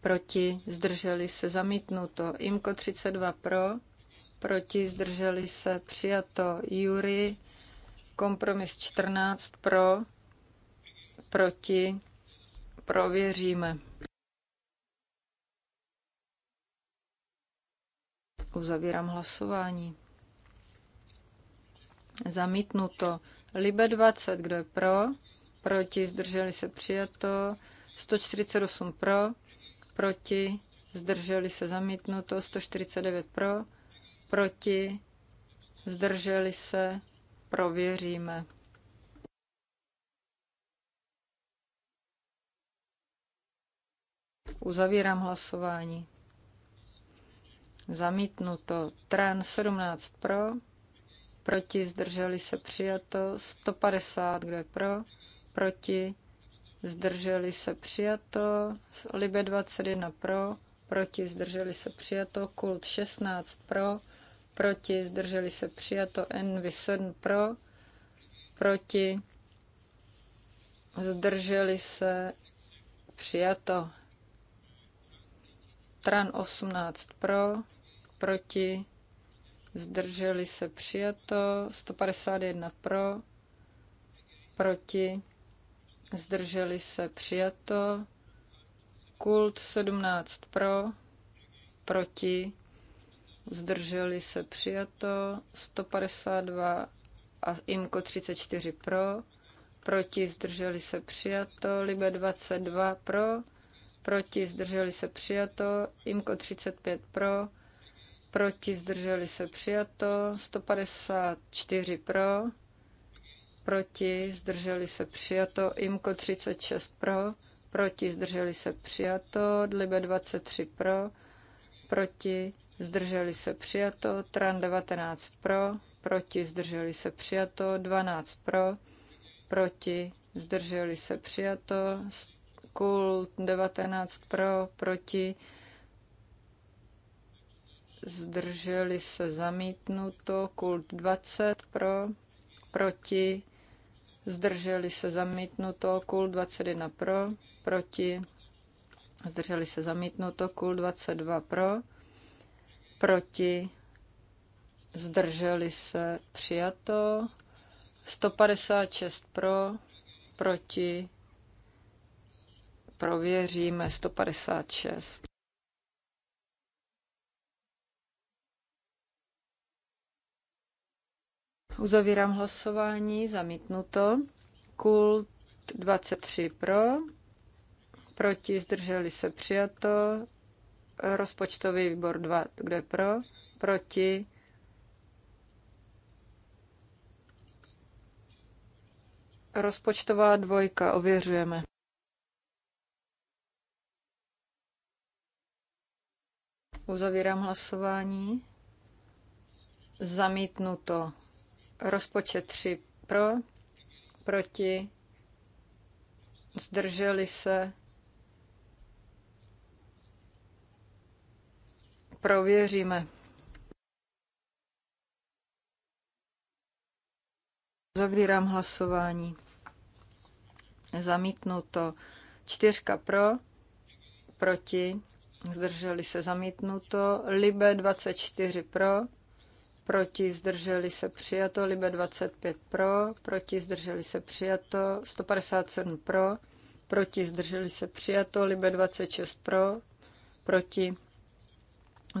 proti, zdrželi se, zamítnuto. Imko 32 pro, proti, zdrželi se, přijato. Jury, kompromis 14 pro, proti, prověříme. Uzavírám hlasování. Zamítnuto. Libe 20, kdo je pro? Proti, zdrželi se, přijato. 148 pro, proti, zdrželi se, zamítnuto. 149 pro, proti, zdrželi se, prověříme. Uzavírám hlasování. Zamítnuto. Tran 17 pro, proti zdrželi se přijato 150, kdo je pro, proti zdrželi se přijato, Libe 21 pro, proti zdrželi se přijato, Kult 16 pro, proti, zdrželi se přijato, n vysedn pro, proti, zdrželi se přijato. Tran 18 pro, proti, zdrželi se přijato, 151 pro, proti, zdrželi se přijato, kult 17 pro, proti, zdrželi se přijato 152 a IMKO 34 pro, proti zdrželi se přijato, Libe 22 pro, proti zdrželi se přijato, IMKO 35 pro, proti zdrželi se přijato, 154 pro, proti zdrželi se přijato, IMKO 36 pro, proti zdrželi se přijato, Libe 23 pro, proti zdrželi se přijato, tran 19 pro, proti, zdrželi se přijato, 12 pro, proti, zdrželi se přijato, kult 19 pro, proti, zdrželi se zamítnuto, kult 20 pro, proti, zdrželi se zamítnuto, kult 21 pro, proti, zdrželi se zamítnuto, kult 22 pro, proti, zdrželi se, přijato. 156 pro, proti, prověříme 156. Uzavírám hlasování, zamítnuto. Kult 23 pro, proti zdrželi se přijato, Rozpočtový výbor 2, kde pro, proti. Rozpočtová dvojka, ověřujeme. Uzavírám hlasování. Zamítnuto. Rozpočet 3 pro, proti, zdrželi se, Prověříme. Zavírám hlasování. Zamítnuto. Čtyřka pro, proti, zdrželi se zamítnuto. Libe 24 pro, proti zdrželi se přijato. Libe 25 pro, proti zdrželi se přijato. 157 pro, proti zdrželi se přijato. Libe 26 pro, proti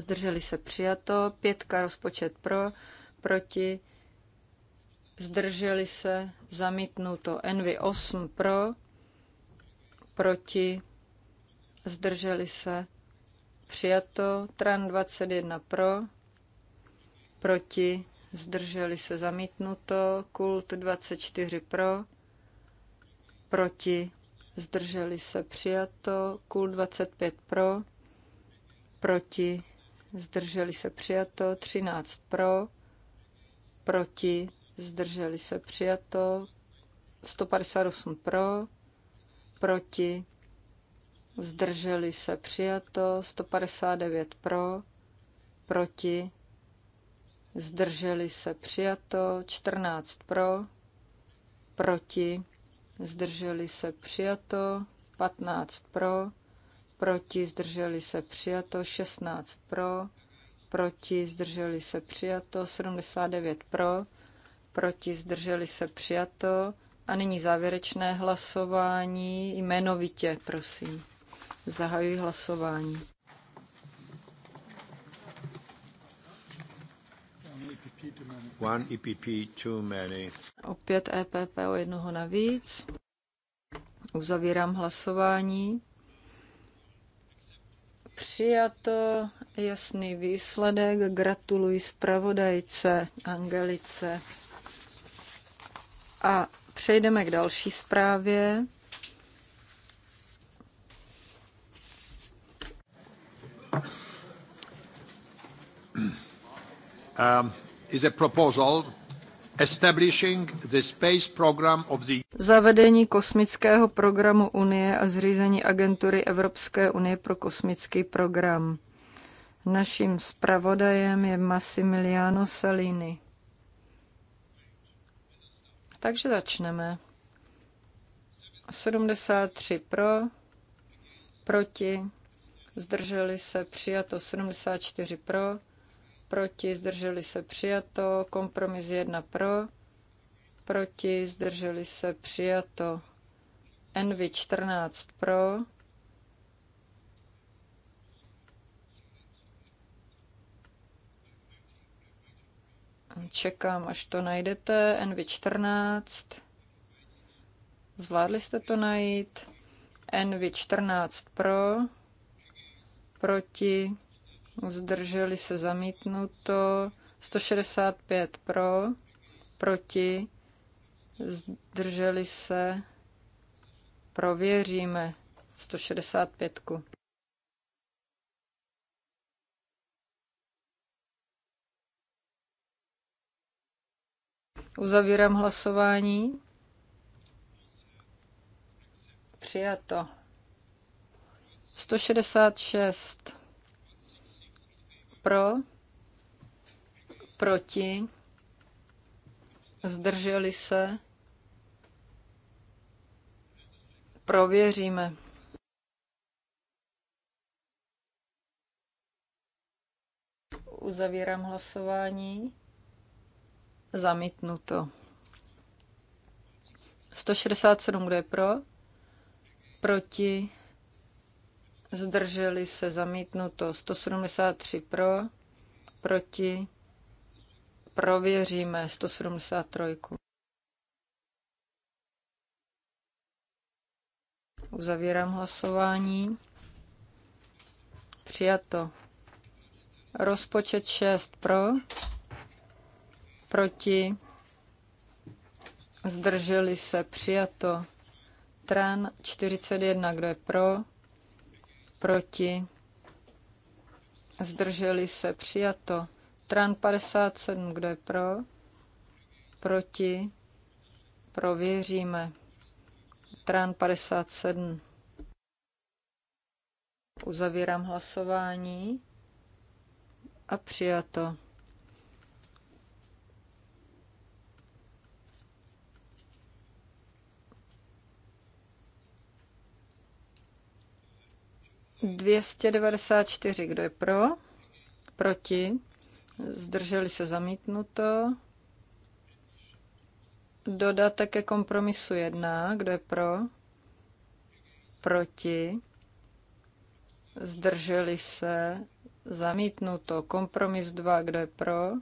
zdrželi se přijato, pětka rozpočet pro, proti, zdrželi se, zamítnuto, Envy 8 pro, proti, zdrželi se, přijato, Tran 21 pro, proti, zdrželi se, zamítnuto, Kult 24 pro, proti, zdrželi se, přijato, Kult 25 pro, proti, zdrželi se přijato, 13 pro, proti, zdrželi se přijato, 158 pro, proti, zdrželi se přijato, 159 pro, proti, zdrželi se přijato, 14 pro, proti, zdrželi se přijato, 15 pro, proti, zdrželi se přijato, 16 pro, proti, zdrželi se přijato, 79 pro, proti, zdrželi se přijato. A nyní závěrečné hlasování, jmenovitě, prosím. Zahajuji hlasování. One EPP too many. Opět EPP o jednoho navíc. Uzavírám hlasování. Přijato jasný výsledek. Gratuluji zpravodajce Angelice. A přejdeme k další zprávě. Um, is a proposal Zavedení kosmického programu Unie a zřízení agentury Evropské unie pro kosmický program. Naším zpravodajem je Massimiliano Salini. Takže začneme. 73 pro, proti, zdrželi se, přijato 74 pro, proti, zdrželi se přijato, kompromis 1 pro, proti, zdrželi se přijato, Envy 14 pro, Čekám, až to najdete. NV14. Zvládli jste to najít. NV14 Pro. Proti zdrželi se zamítnuto, 165 pro, proti, zdrželi se, prověříme 165. ku Uzavírám hlasování. Přijato. 166. Pro? Proti? Zdrželi se? Prověříme. Uzavírám hlasování. Zamítnuto. 167, kdo je pro? Proti? zdrželi se zamítnuto 173 pro, proti, prověříme 173. Uzavírám hlasování. Přijato. Rozpočet 6 pro, proti, zdrželi se přijato. Tran 41, kdo je pro, proti, zdrželi se, přijato. Tran 57, kdo je pro, proti, prověříme. Tran 57. Uzavírám hlasování a přijato. 294, kdo je pro? Proti? Zdrželi se zamítnuto. Dodatek ke kompromisu 1, kdo je pro? Proti? Zdrželi se zamítnuto. Kompromis 2, kdo je pro?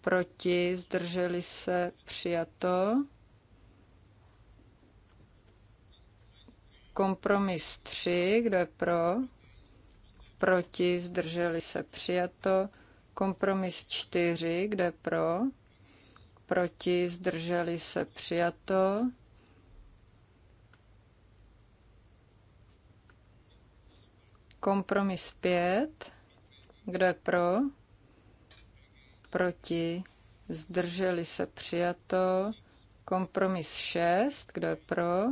Proti? Zdrželi se přijato. Kompromis 3, kdo je pro? Proti, zdrželi se, přijato. Kompromis 4, kdo je pro? Proti, zdrželi se, přijato. Kompromis 5, kdo je pro? Proti, zdrželi se, přijato. Kompromis 6, kdo je pro?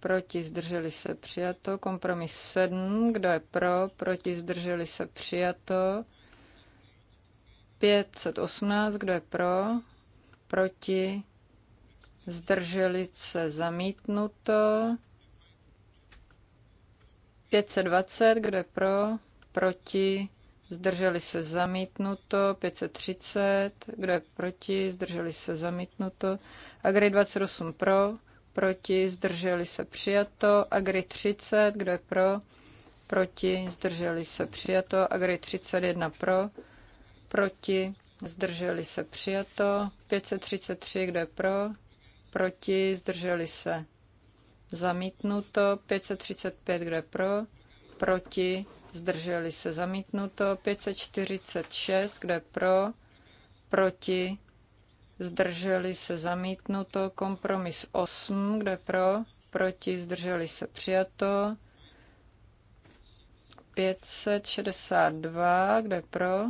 proti, zdrželi se, přijato. Kompromis 7, kdo je pro, proti, zdrželi se, přijato. 518, kdo je pro, proti, zdrželi se, zamítnuto. 520, kdo je pro, proti, zdrželi se, zamítnuto. 530, kdo je proti, zdrželi se, zamítnuto. Agri 28 pro, proti, zdrželi se přijato, Agri 30, kdo je pro, proti, zdrželi se přijato, Agri 31 pro, proti, zdrželi se přijato, 533, kdo je pro, proti, zdrželi se zamítnuto, 535, kdo je pro, proti, zdrželi se zamítnuto, 546, kdo je pro, proti, zdrželi se zamítnuto, kompromis 8, kde pro, proti, zdrželi se přijato, 562, kde pro,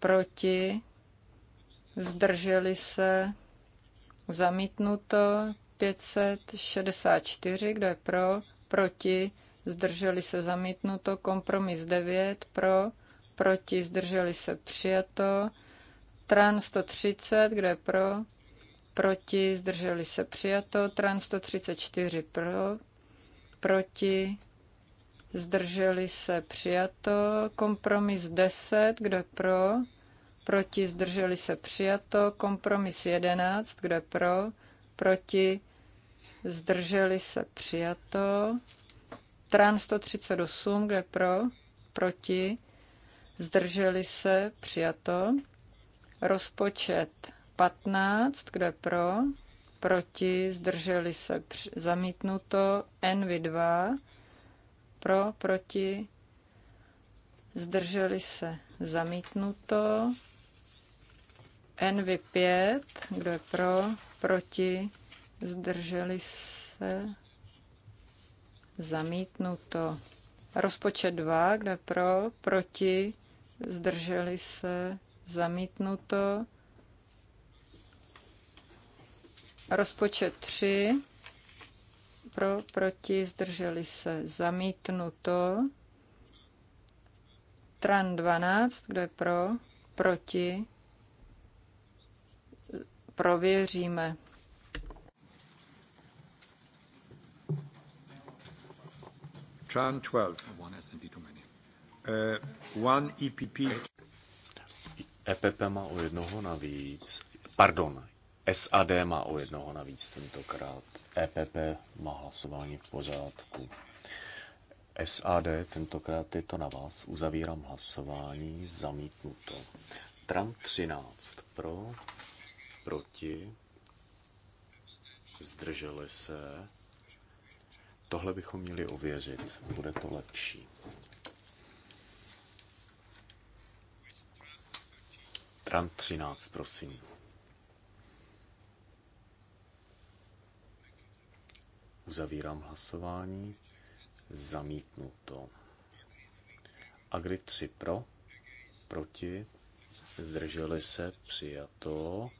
proti, zdrželi se zamítnuto, 564, kde pro, proti, zdrželi se zamítnuto, kompromis 9, pro, proti, zdrželi se přijato, Tran 130, kdo je pro? Proti, zdrželi se přijato. Tran 134 pro, proti, zdrželi se přijato. Kompromis 10, kdo je pro? Proti, zdrželi se přijato. Kompromis 11, kdo je pro? Proti, zdrželi se přijato. Tran 138, kde pro, proti, zdrželi se, přijato. Rozpočet 15, kdo je pro? Proti, zdrželi se, zamítnuto. Envy 2, pro, proti, zdrželi se, zamítnuto. Envy 5, kdo je pro? Proti, zdrželi se, zamítnuto. Rozpočet 2, kdo je pro? Proti, zdrželi se, zamítnuto. Rozpočet 3, pro, proti, zdrželi se, zamítnuto. Tran 12, kdo je pro, proti, prověříme. Tran 12. Uh, One EPP. EPP má o jednoho navíc. Pardon, SAD má o jednoho navíc tentokrát. EPP má hlasování v pořádku. SAD, tentokrát je to na vás. Uzavírám hlasování, zamítnuto. Trump 13 pro, proti, zdrželi se. Tohle bychom měli ověřit, bude to lepší. Stran 13, prosím. Uzavírám hlasování. Zamítnuto. Agri 3 pro, proti, zdrželi se, přijato.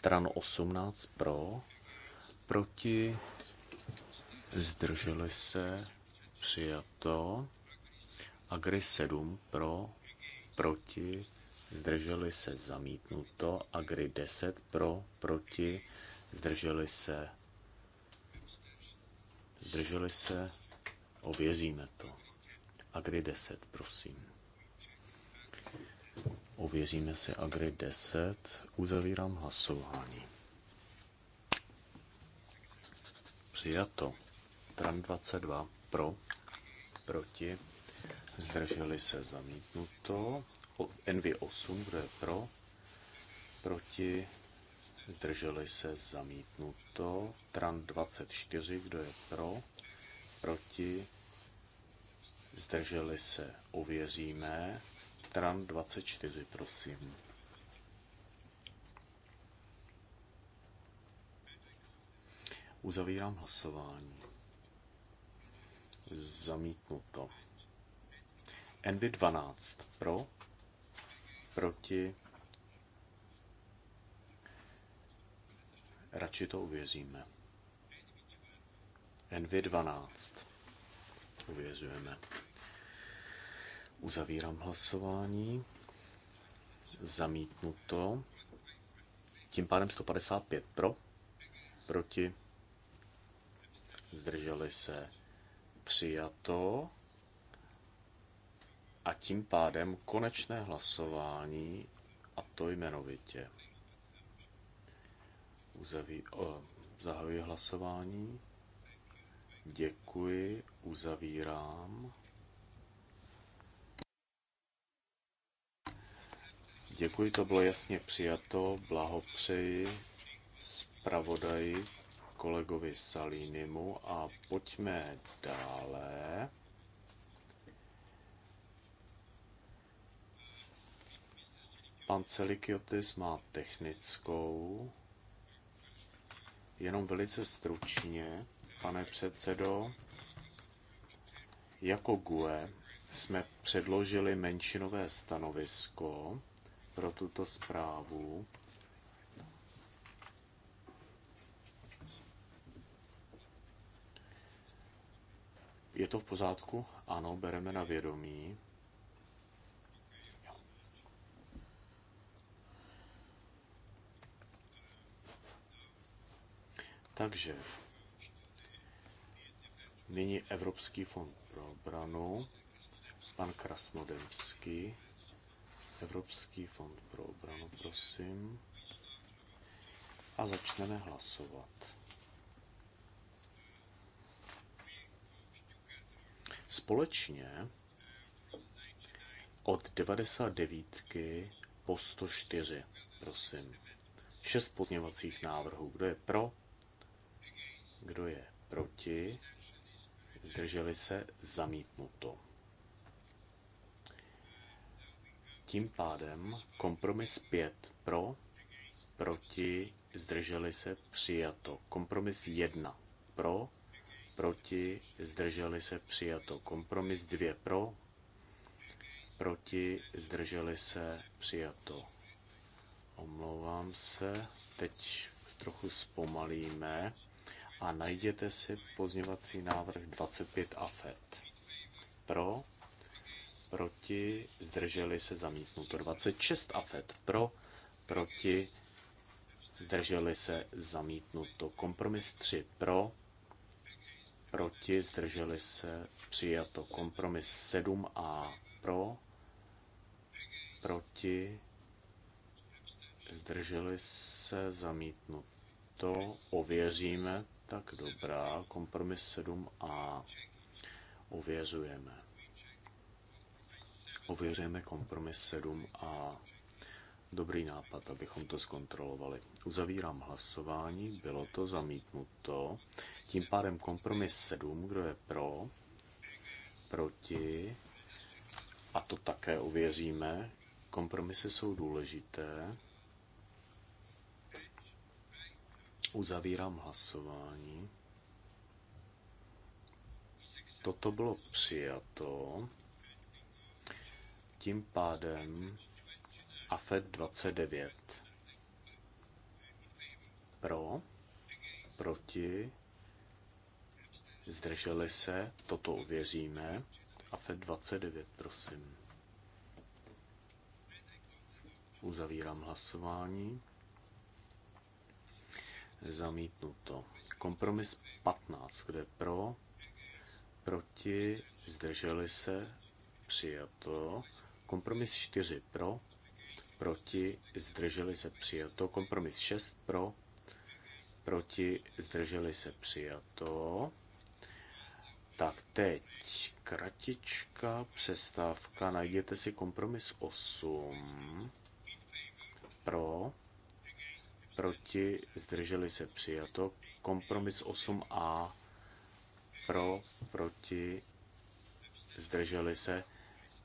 Tran 18 pro, proti, zdrželi se, přijato. Agri 7 pro, proti, zdrželi se zamítnuto, Agri 10 pro, proti, zdrželi se, zdrželi se, ověříme to. Agri 10, prosím. Ověříme si Agri 10, uzavírám hlasování. Přijato. Tram 22 pro, proti, zdrželi se zamítnuto. NV8, kdo je pro, proti, zdrželi se zamítnuto, TRAN 24, kdo je pro, proti, zdrželi se ověříme, TRAN 24, prosím. Uzavírám hlasování. Zamítnuto. NV12 pro, proti. Radši to uvěříme. NV12 uvěřujeme. Uzavírám hlasování. Zamítnuto. Tím pádem 155 pro, proti, zdrželi se přijato a tím pádem konečné hlasování, a to jmenovitě. Uzaví, o, zahajuji hlasování. Děkuji, uzavírám. Děkuji, to bylo jasně přijato. Blahopřeji zpravodaji kolegovi Salínimu a pojďme dále. Pan Celikiotis má technickou. Jenom velice stručně, pane předsedo, jako GUE jsme předložili menšinové stanovisko pro tuto zprávu. Je to v pořádku? Ano, bereme na vědomí. Takže nyní Evropský fond pro obranu, pan Krasnodemský, Evropský fond pro obranu, prosím. A začneme hlasovat. Společně od 99 po 104, prosím. Šest pozměvacích návrhů. Kdo je pro? Kdo je proti? Zdrželi se? Zamítnuto. Tím pádem kompromis 5 pro, proti, zdrželi se, přijato. Kompromis 1 pro, proti, zdrželi se, přijato. Kompromis 2 pro, proti, zdrželi se, přijato. Omlouvám se, teď trochu zpomalíme a najděte si pozněvací návrh 25 AFET. E pro, proti, zdrželi se zamítnuto 26 AFET. E pro, proti, zdrželi se zamítnuto. Kompromis 3 pro, proti, zdrželi se přijato. Kompromis 7A pro, proti, zdrželi se zamítnuto. Ověříme tak dobrá. Kompromis 7a ověřujeme. Ověřujeme kompromis 7a. Dobrý nápad, abychom to zkontrolovali. Uzavírám hlasování, bylo to zamítnuto. Tím pádem kompromis 7, kdo je pro, proti, a to také ověříme. Kompromisy jsou důležité. Uzavírám hlasování. Toto bylo přijato. Tím pádem AFED 29 pro, proti, zdrželi se, toto uvěříme. AFED 29, prosím. Uzavírám hlasování. Zamítnuto. Kompromis 15. Kde pro? Proti? Zdrželi se? Přijato. Kompromis 4. Pro? Proti? Zdrželi se? Přijato. Kompromis 6. Pro? Proti? Zdrželi se? Přijato. Tak teď kratička přestávka. Najděte si kompromis 8. Pro? proti, zdrželi se přijato. Kompromis 8a, pro, proti, zdrželi se.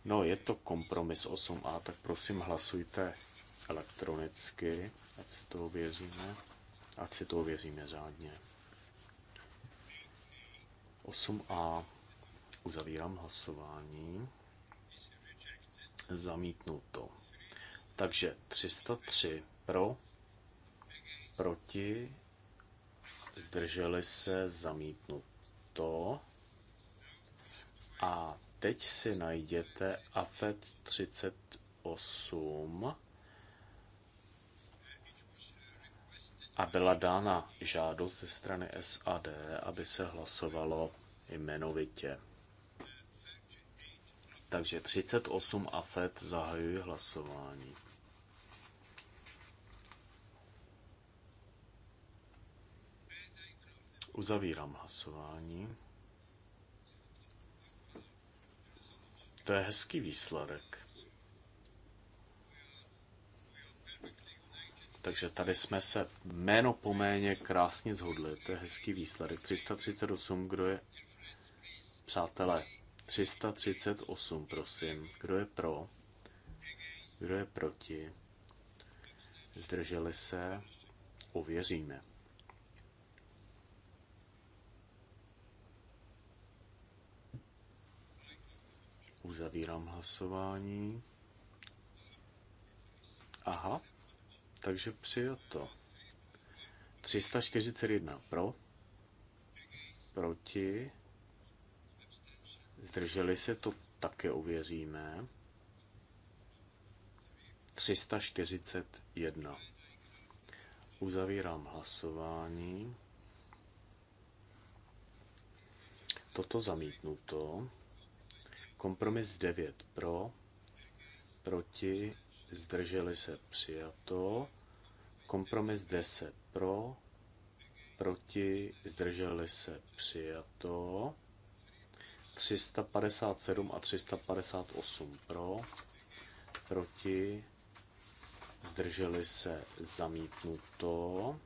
No, je to kompromis 8a, tak prosím hlasujte elektronicky, ať si to ověříme, ať si to ověříme řádně. 8a, uzavírám hlasování, zamítnuto. Takže 303 pro, proti, zdrželi se, zamítnuto. A teď si najděte AFET 38 a byla dána žádost ze strany SAD, aby se hlasovalo jmenovitě. Takže 38 AFET zahajuje hlasování. Uzavírám hlasování. To je hezký výsledek. Takže tady jsme se jméno po méně krásně zhodli. To je hezký výsledek. 338, kdo je... Přátelé, 338, prosím. Kdo je pro? Kdo je proti? Zdrželi se? Ověříme. Uzavírám hlasování. Aha, takže přijato. 341 pro, proti, zdrželi se, to také uvěříme. 341. Uzavírám hlasování. Toto zamítnuto. Kompromis 9 pro, proti, zdrželi se přijato. Kompromis 10 pro, proti, zdrželi se přijato. 357 a 358 pro, proti, zdrželi se zamítnuto.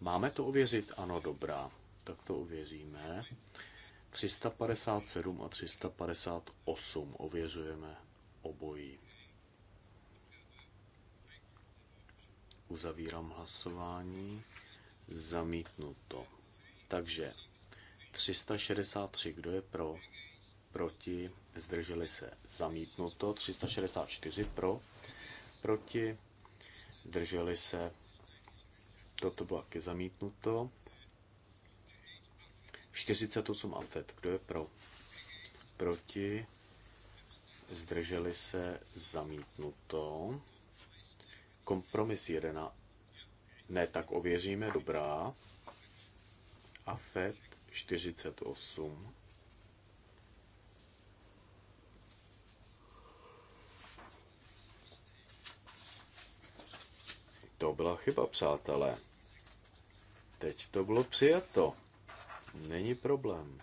Máme to ověřit? Ano, dobrá. Tak to ověříme. 357 a 358 ověřujeme obojí. Uzavírám hlasování. Zamítnuto. Takže 363, kdo je pro? Proti? Zdrželi se. Zamítnuto. 364 pro? Proti? Zdrželi se. Toto bylo taky zamítnuto. 48 AFET. Kdo je pro? Proti? Zdrželi se zamítnuto. Kompromis 1. Ne, tak ověříme. Dobrá. AFET 48. To byla chyba, přátelé. Teď to bylo přijato není problém.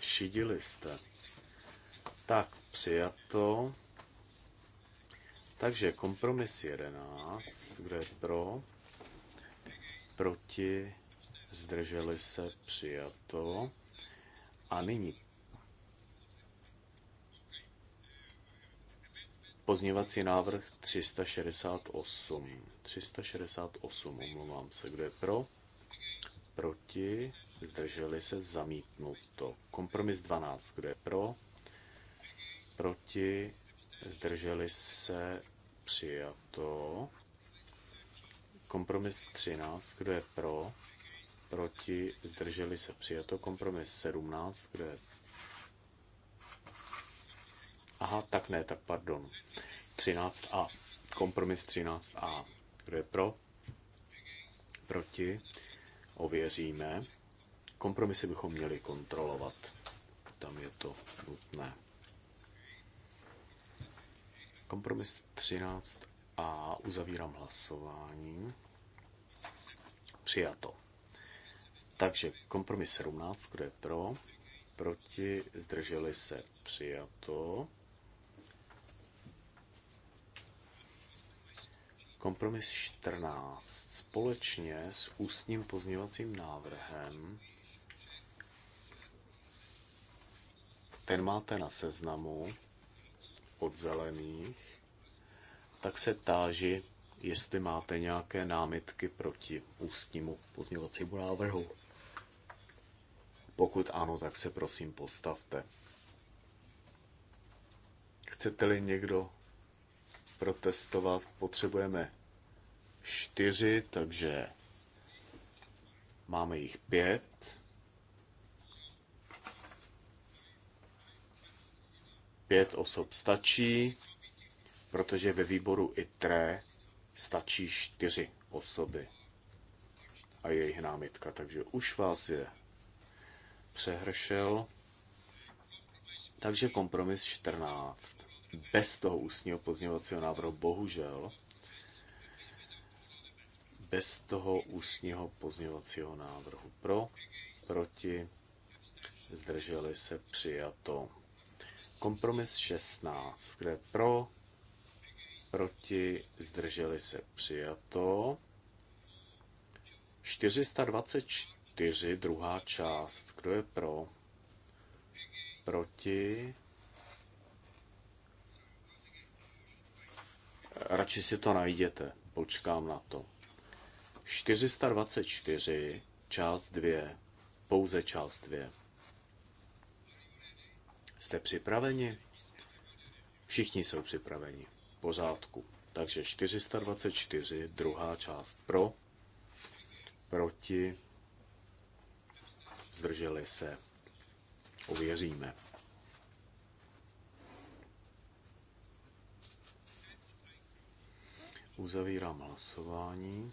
Šidili jste. Tak, přijato. Takže kompromis 11, kdo je pro, proti, zdrželi se, přijato. A nyní Pozněvací návrh 368. 368, omlouvám se, kdo je pro? Proti? Zdrželi se zamítnuto. Kompromis 12, kdo je pro? Proti? Zdrželi se přijato. Kompromis 13, kdo je pro? Proti? Zdrželi se přijato. Kompromis 17, kdo je Aha, tak ne, tak pardon. 13a. Kompromis 13a. Kdo je pro? Proti? Ověříme. Kompromisy bychom měli kontrolovat. Tam je to nutné. Kompromis 13a. Uzavírám hlasování. Přijato. Takže kompromis 17, kdo je pro? Proti? Zdrželi se? Přijato. Kompromis 14 společně s ústním pozměvacím návrhem. Ten máte na seznamu od zelených. Tak se táži, jestli máte nějaké námitky proti ústnímu pozměvacímu návrhu. Pokud ano, tak se prosím postavte. Chcete-li někdo protestovat. Potřebujeme čtyři, takže máme jich pět. Pět osob stačí, protože ve výboru ITRE stačí čtyři osoby a jejich námitka, takže už vás je přehršel. Takže kompromis 14 bez toho ústního pozměňovacího návrhu, bohužel, bez toho ústního pozměňovacího návrhu pro, proti, zdrželi se přijato. Kompromis 16, kde pro, proti, zdrželi se přijato. 424, druhá část, kdo je pro, proti, radši si to najděte, počkám na to. 424, část 2, pouze část 2. Jste připraveni? Všichni jsou připraveni. Pořádku. Takže 424, druhá část pro, proti, zdrželi se. Uvěříme. Uzavírám hlasování.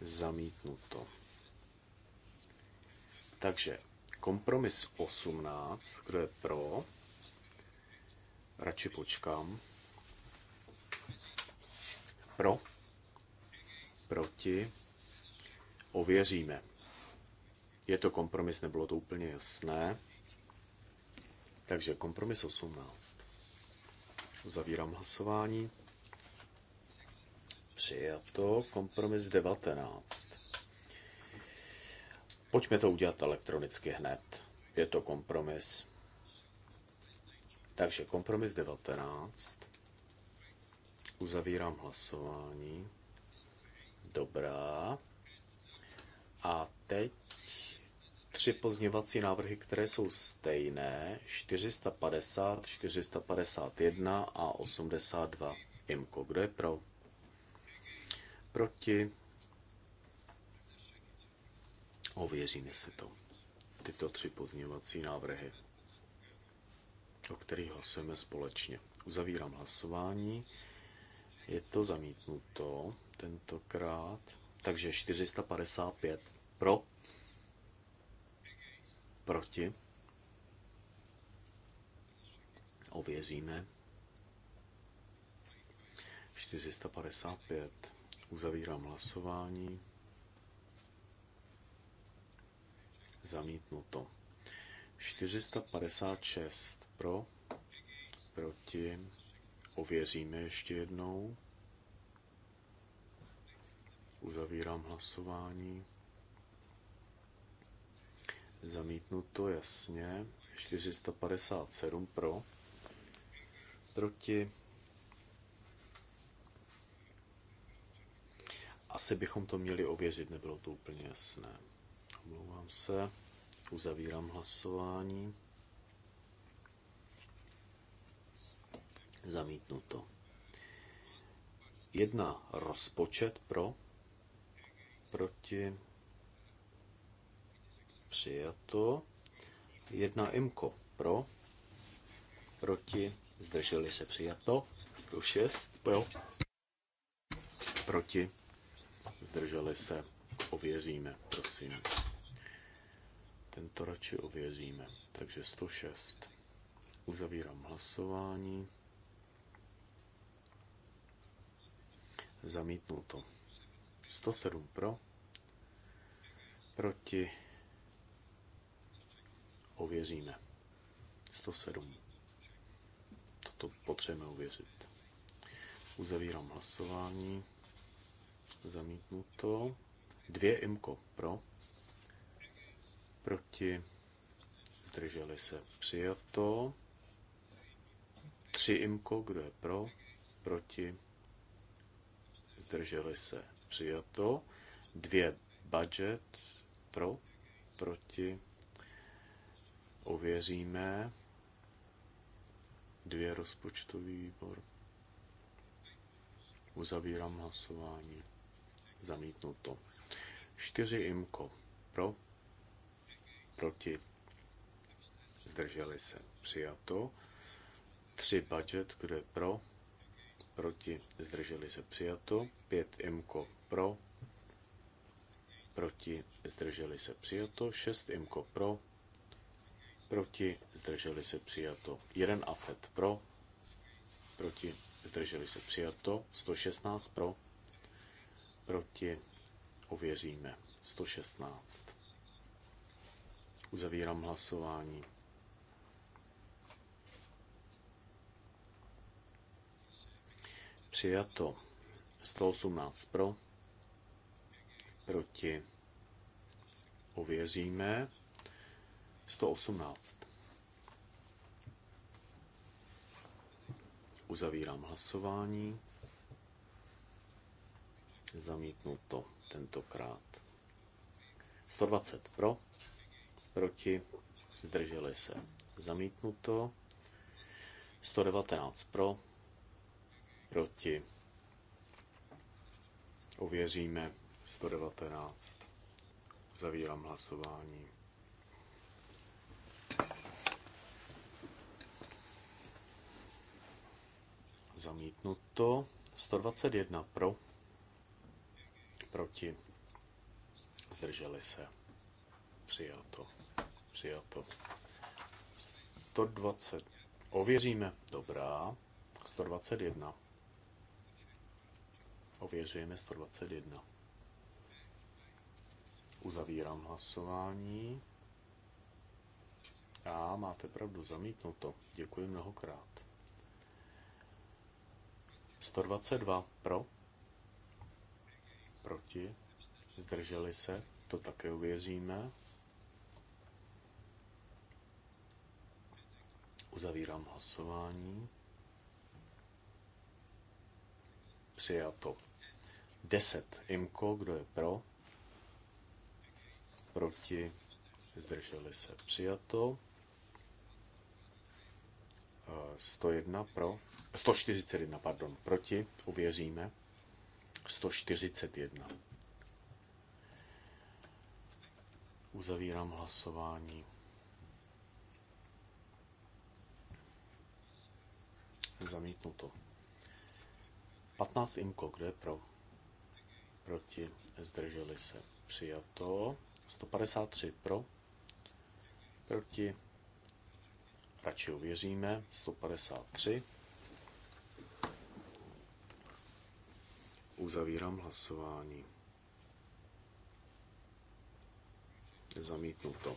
Zamítnuto. Takže kompromis 18, kdo je pro, radši počkám. Pro, proti, ověříme. Je to kompromis, nebylo to úplně jasné. Takže kompromis 18. Uzavírám hlasování. Přijato. Kompromis 19. Pojďme to udělat elektronicky hned. Je to kompromis. Takže kompromis 19. Uzavírám hlasování. Dobrá. A teď tři pozněvací návrhy, které jsou stejné, 450, 451 a 82 IMKO. Kdo je pro? Proti. Ověříme si to. Tyto tři pozněvací návrhy, o kterých hlasujeme společně. Uzavírám hlasování. Je to zamítnuto tentokrát. Takže 455 pro. Proti. Ověříme. 455. Uzavírám hlasování. Zamítnuto. 456 pro, proti, ověříme ještě jednou. Uzavírám hlasování. Zamítnuto jasně. 457 pro, proti, Asi bychom to měli ověřit, nebylo to úplně jasné. Omlouvám se, uzavírám hlasování. Zamítnuto. Jedna rozpočet pro, proti, přijato. Jedna imko pro, proti, zdrželi se přijato. 106 pro, proti, zdrželi se, ověříme, prosím. Tento radši ověříme. Takže 106. Uzavírám hlasování. Zamítnu to. 107 pro. Proti. Ověříme. 107. Toto potřebujeme ověřit. Uzavírám hlasování zamítnuto. Dvě imko pro, proti, zdrželi se, přijato. Tři imko, kdo je pro, proti, zdrželi se, přijato. Dvě budget pro, proti, ověříme. Dvě rozpočtový výbor. Uzavírám hlasování. Zamítnuto. 4 imko. Pro. Proti. Zdrželi se. Přijato. 3 budget, kdo je pro. Proti. Zdrželi se. Přijato. 5 imko. Pro. Proti. Zdrželi se. Přijato. 6 imko. Pro. Proti. Zdrželi se. Přijato. 1 afet. Pro. Proti. Zdrželi se. Přijato. 116 pro proti, ověříme. 116. Uzavírám hlasování. Přijato 118 pro, proti, ověříme, 118. Uzavírám hlasování. Zamítnuto tentokrát. 120 pro, proti, zdrželi se. Zamítnuto. 119 pro, proti. Ověříme 119. Zavírám hlasování. Zamítnuto. 121 pro, proti, zdrželi se, to? přijato, To 120, ověříme, dobrá, 121, ověřujeme 121. Uzavírám hlasování. A máte pravdu, zamítnuto. Děkuji mnohokrát. 122 pro proti, zdrželi se, to také uvěříme. Uzavírám hlasování. Přijato. 10. Imko, kdo je pro? Proti, zdrželi se, přijato. 101 eh, pro, 141, pardon, proti, uvěříme. 141. Uzavírám hlasování. Zamítnuto. 15 imko, kde je pro? Proti, zdrželi se. Přijato. 153 pro. Proti. Radši uvěříme. 153. Uzavírám hlasování. Zamítnuto.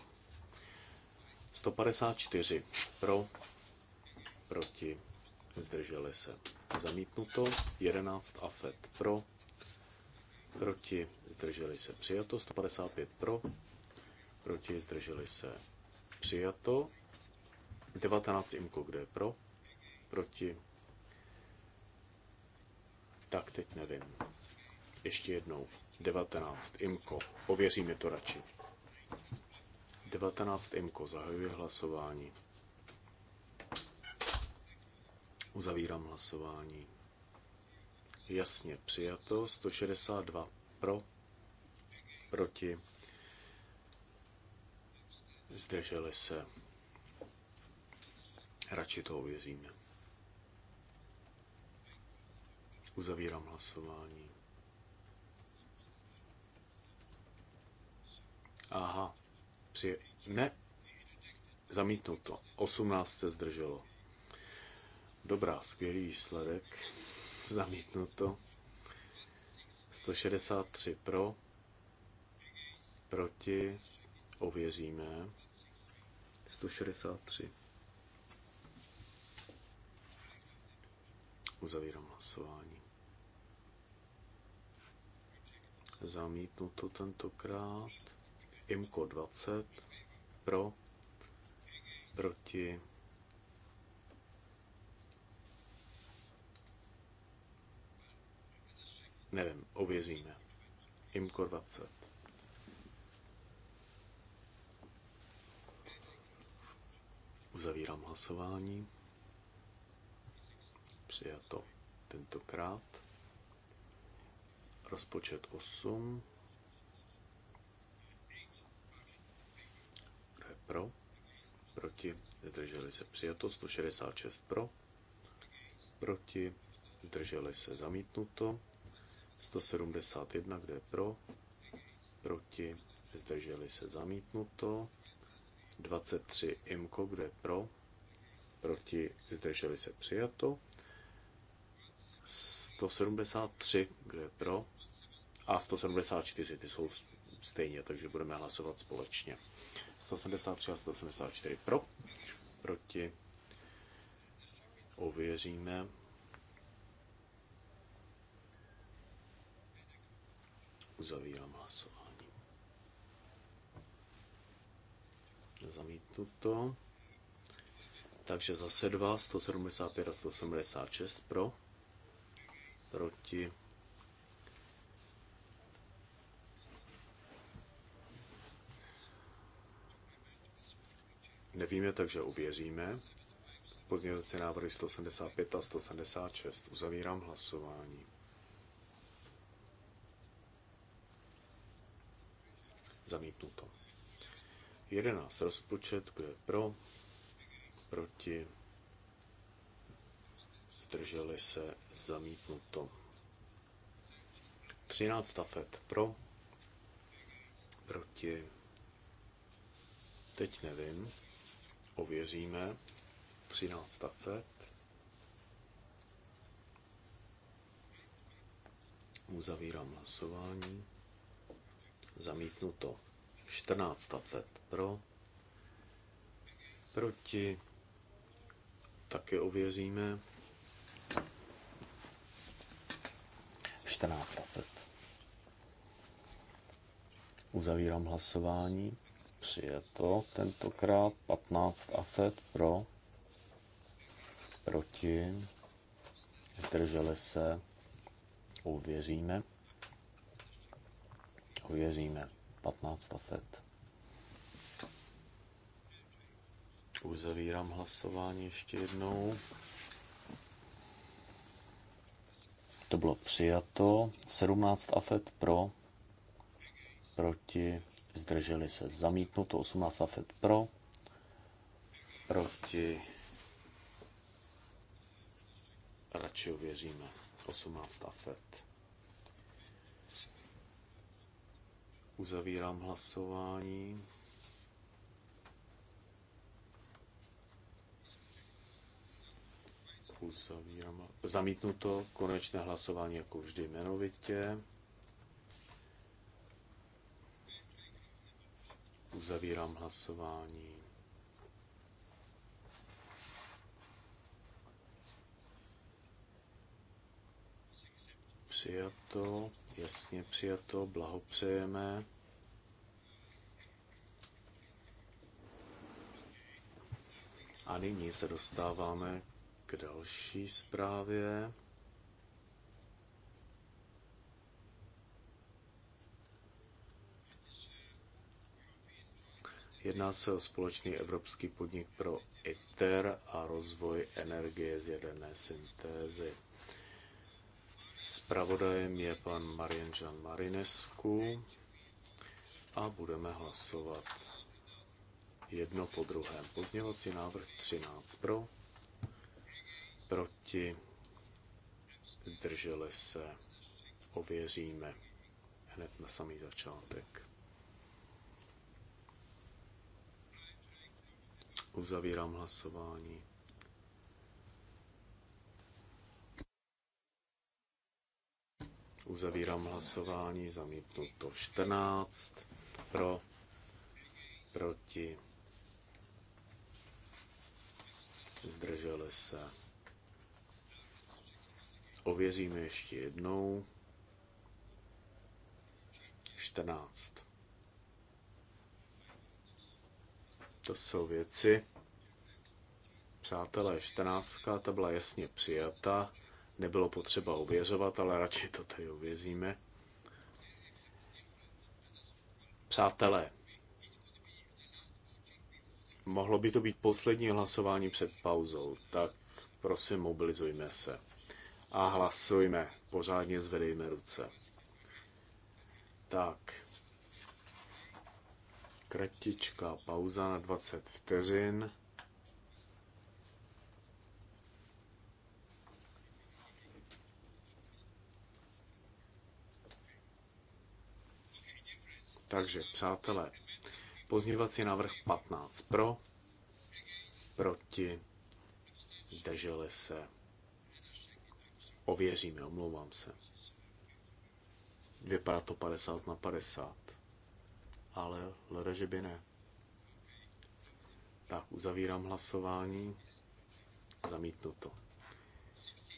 154 pro, proti, zdrželi se. Zamítnuto. 11 afet pro, proti, zdrželi se. Přijato. 155 pro, proti, zdrželi se. Přijato. 19 imko, kde je pro, proti, tak teď nevím. Ještě jednou. 19. Imko. Ověříme to radši. 19. Imko. Zahajuje hlasování. Uzavírám hlasování. Jasně přijato. 162 pro. Proti. Zdrželi se. Radši to ověříme. Uzavírám hlasování. Aha, při... ne, zamítnuto. 18 se zdrželo. Dobrá, skvělý výsledek. Zamítnuto. 163 pro, proti, ověříme. 163. Uzavírám hlasování. Zamítnuto tentokrát. Imko 20. Pro. Proti. Nevím, ověříme. Imko 20. Uzavírám hlasování. Přijato tentokrát rozpočet 8. Kdo je pro? Proti? Zdrželi se přijato. 166 pro. Proti? Zdrželi se zamítnuto. 171, kde je pro? Proti? Zdrželi se zamítnuto. 23 IMKO, kde je pro? Proti? Zdrželi se přijato. 173, kde je pro? a 174, ty jsou stejně, takže budeme hlasovat společně. 173 a 174 pro, proti, ověříme. Uzavírám hlasování. Zamítnu to. Takže zase dva, 175 a 176 pro, proti, Nevíme, takže uvěříme. Pozměňovací návrhy 185 a 186. Uzavírám hlasování. Zamítnuto. 11. Rozpočet, kdo je pro, proti, zdrželi se, zamítnuto. 13. Fed pro, proti, teď nevím ověříme. 13. FED. Uzavírám hlasování. Zamítnuto. 14. FED pro. Proti. Taky ověříme. 14. FED. Uzavírám hlasování. Přijeto tentokrát 15 afet pro, proti, zdrželi se, uvěříme, uvěříme, 15 afet. Uzavírám hlasování ještě jednou. To bylo přijato. 17 afet pro, proti, zdrželi se zamítnuto, 18 FED pro, proti, radši ověříme, 18 FED. Uzavírám hlasování. Uzavírám. Zamítnuto konečné hlasování jako vždy jmenovitě. Uzavírám hlasování. Přijato, jasně přijato, blahopřejeme. A nyní se dostáváme k další zprávě. Jedná se o společný evropský podnik pro ITER a rozvoj energie z jaderné syntézy. Spravodajem je pan Marian Jean Marinescu a budeme hlasovat jedno po druhém. Pozněvací návrh 13 pro, proti, drželi se, ověříme hned na samý začátek. Uzavírám hlasování. Uzavírám hlasování, zamítnuto 14, pro, proti, zdrželi se. Ověříme ještě jednou. 14. To jsou věci. Přátelé, 14. ta byla jasně přijata. Nebylo potřeba uvěřovat, ale radši to tady uvěříme. Přátelé, mohlo by to být poslední hlasování před pauzou, tak prosím mobilizujme se a hlasujme, pořádně zvedejme ruce. Tak, kratičká pauza na 20 vteřin. Takže, přátelé, pozměvací návrh 15 pro, proti, drželi se, ověříme, omlouvám se. Vypadá to 50 na 50 ale leda, že by ne. Tak, uzavírám hlasování. Zamítnu to.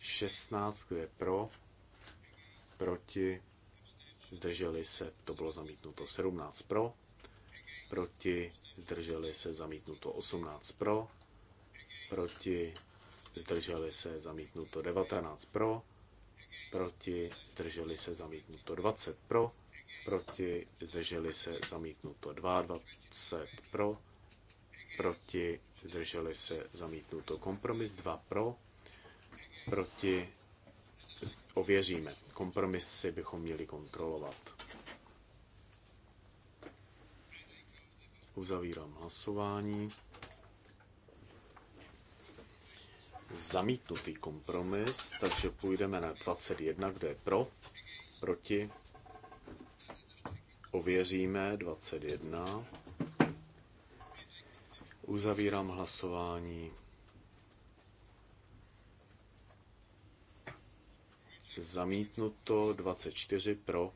16, kdo je pro, proti, zdrželi se, to bylo zamítnuto. 17 pro, proti, zdrželi se, zamítnuto. 18 pro, proti, zdrželi se, zamítnuto. 19 pro, proti, zdrželi se, zamítnuto. 20 pro, proti, zdrželi se zamítnuto 22 pro, proti, zdrželi se zamítnuto kompromis 2 pro, proti, ověříme. si bychom měli kontrolovat. Uzavírám hlasování. Zamítnutý kompromis, takže půjdeme na 21, kde je pro, proti, Ověříme 21. Uzavírám hlasování. Zamítnuto 24 pro,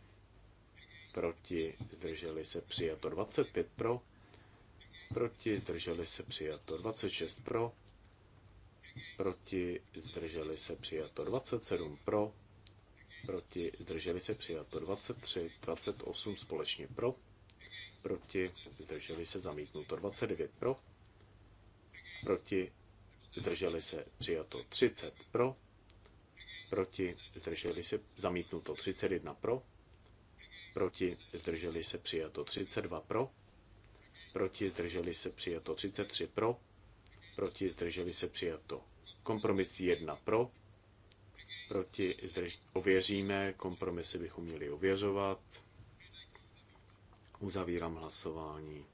proti zdrželi se přijato 25 pro, proti zdrželi se přijato 26 pro, proti zdrželi se přijato 27 pro, proti, zdrželi se přijato 23, 28 společně pro, proti, zdrželi se zamítnuto 29 pro, proti, zdrželi se přijato 30 pro, proti, zdrželi se zamítnuto 31 pro, proti, zdrželi se přijato 32 pro, proti, zdrželi se přijato 33 pro, proti, zdrželi se přijato kompromis 1 pro, proti, zdrž, ověříme, kompromisy bychom měli ověřovat. Uzavírám hlasování.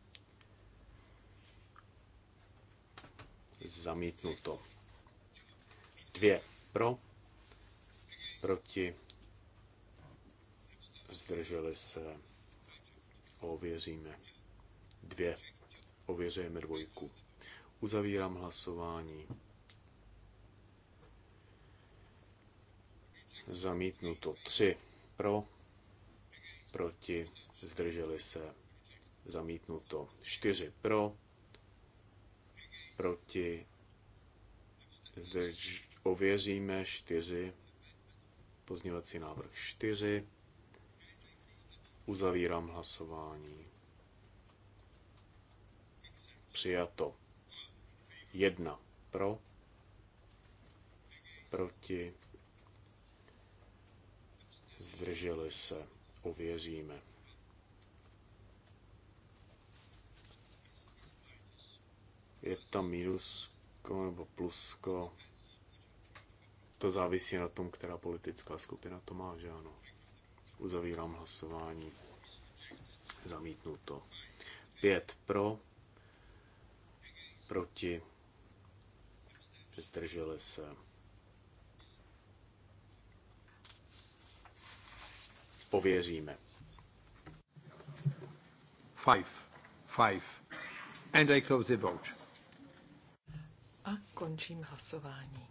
Zamítnuto. Dvě pro, proti, zdrželi se, ověříme. Dvě, ověřujeme dvojku. Uzavírám hlasování. zamítnuto 3 pro, proti, zdrželi se, zamítnuto 4 pro, proti, zdrž, ověříme 4, pozněvací návrh 4, uzavírám hlasování. Přijato 1 pro, proti, zdrželi se, ověříme. Je tam mínusko nebo plusko, to závisí na tom, která politická skupina to má, že ano. Uzavírám hlasování. Zamítnu to. Pět pro, proti, zdrželi se. pověříme. Five. Five. And I close the vote. A končím hlasování.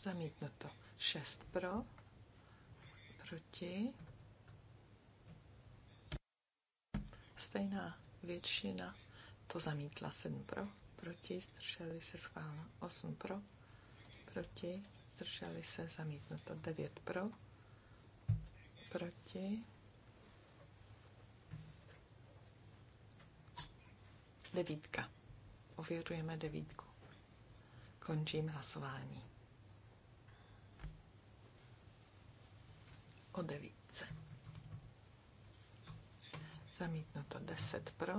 Zamítno to. Šest pro, proti. Stejná většina to zamítla 7 pro, proti, zdrželi se schválno 8 pro, proti, zdrželi se zamítnuto 9 pro, proti. Devítka. Ověřujeme devítku. Končím hlasování. O devítce. Zamítnuto 10 pro,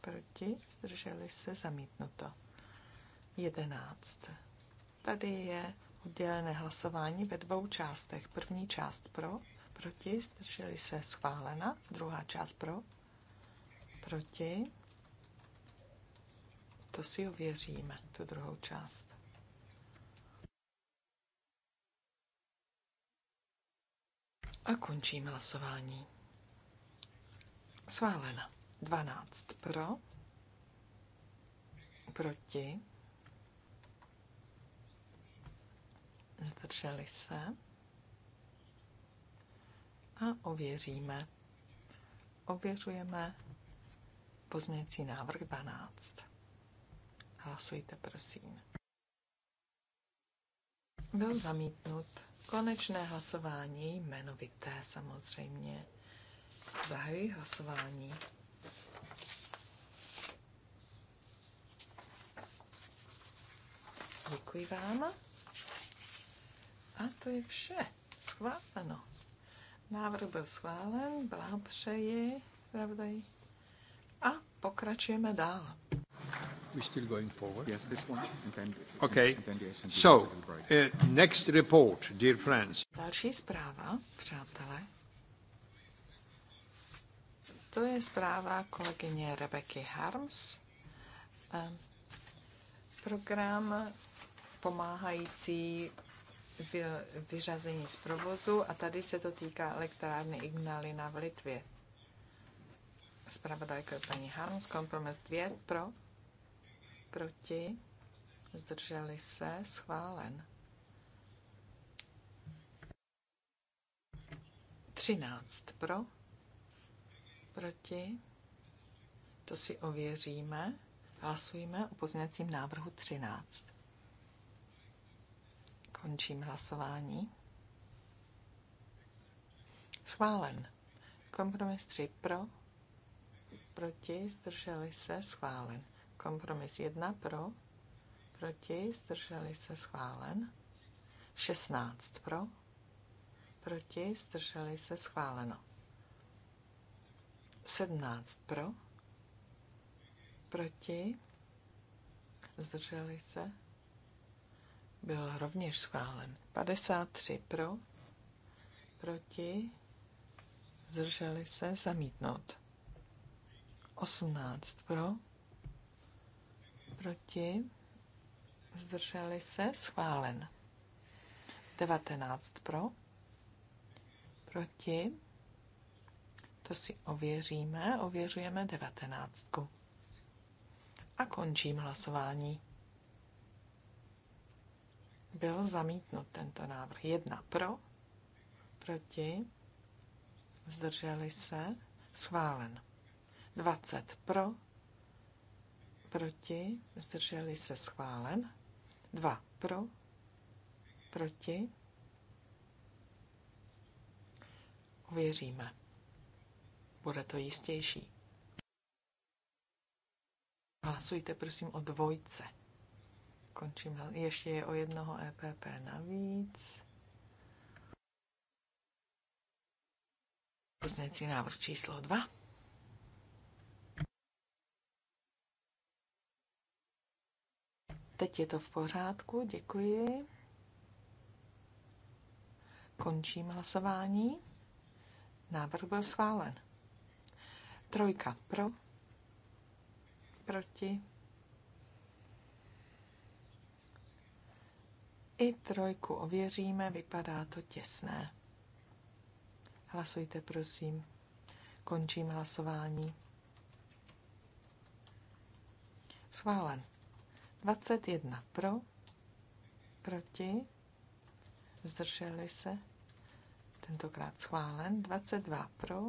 proti, zdrželi se, zamítnuto 11. Tady je oddělené hlasování ve dvou částech. První část pro, proti, zdrželi se schválena. Druhá část pro, proti. To si ověříme, tu druhou část. A končím hlasování. Schválena. 12 pro, proti, zdrželi se a ověříme. Ověřujeme pozměnící návrh 12. Hlasujte, prosím. Byl zamítnut konečné hlasování, jmenovité samozřejmě. Zahajuji hlasování. Děkuji vám. A to je vše. Schváleno. Návrh byl schválen, blahopřeji, pravdaji. A pokračujeme dál. We're still going forward. Yes, this one. And then, okay. And then the so, uh, next report, dear friends. Další zpráva, přátelé. To je zpráva kolegyně Rebeky Harms. Um, program pomáhající byl vyřazení z provozu a tady se to týká elektrárny Ignalina v Litvě. Spravodajka je paní Harms, kompromis 2 pro, proti, zdrželi se, schválen. 13 pro, proti, to si ověříme. Hlasujeme o pozměňovacím návrhu 13. Končím hlasování. Schválen. Kompromis 3 pro, proti, zdrželi se, schválen. Kompromis 1 pro, proti, zdrželi se, schválen. 16 pro, proti, zdrželi se, schváleno. 17 pro, proti, zdrželi se, byl rovněž schválen. 53 pro, proti, zdrželi se zamítnout. 18 pro, proti, zdrželi se schválen. 19 pro, proti, to si ověříme, ověřujeme 19. A končím hlasování byl zamítnut tento návrh. Jedna pro, proti, zdrželi se, schválen. 20 pro, proti, zdrželi se, schválen. 2 pro, proti, uvěříme. Bude to jistější. Hlasujte prosím o dvojce. Končím. Ještě je o jednoho EPP navíc. Pozměňující návrh číslo 2. Teď je to v pořádku, děkuji. Končím hlasování. Návrh byl schválen. Trojka pro, proti I trojku ověříme, vypadá to těsné. Hlasujte, prosím. Končím hlasování. Schválen. 21 pro, proti, zdrželi se, tentokrát schválen. 22 pro,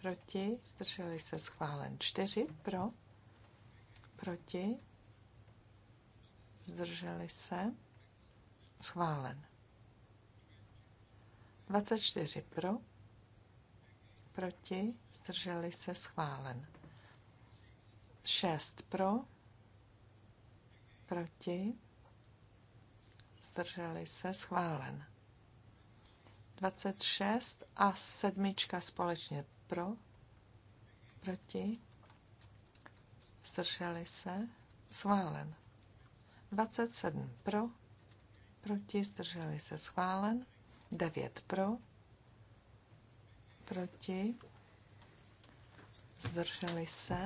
proti, zdrželi se, schválen. 4 pro, proti, zdrželi se. Schválen. 24 pro, proti, zdrželi se, schválen. 6 pro, proti, zdrželi se, schválen. 26 a sedmička společně pro, proti, zdrželi se, schválen. 27 pro, proti, zdrželi se schválen. 9 pro, proti, zdrželi se.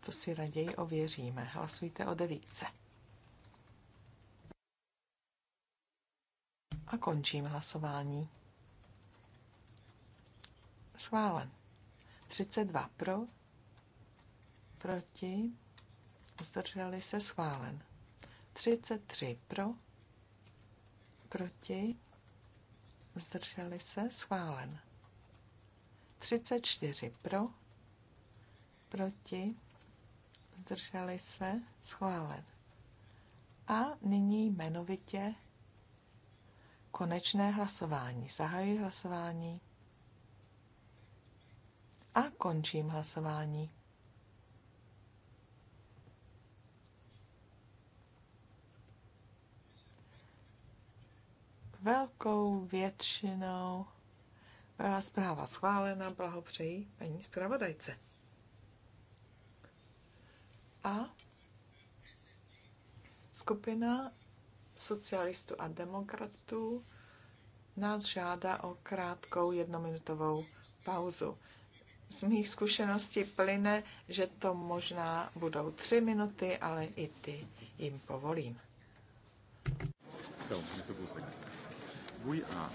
To si raději ověříme. Hlasujte o devítce. A končím hlasování. Schválen. 32 pro, proti, zdrželi se schválen. 33 pro, proti, zdrželi se, schválen. 34 pro, proti, zdrželi se, schválen. A nyní jmenovitě konečné hlasování. Zahajuji hlasování a končím hlasování. velkou většinou byla zpráva schválena, blahopřeji paní zpravodajce. A skupina socialistů a demokratů nás žádá o krátkou jednominutovou pauzu. Z mých zkušeností plyne, že to možná budou tři minuty, ale i ty jim povolím. So, Mr. Busek we are.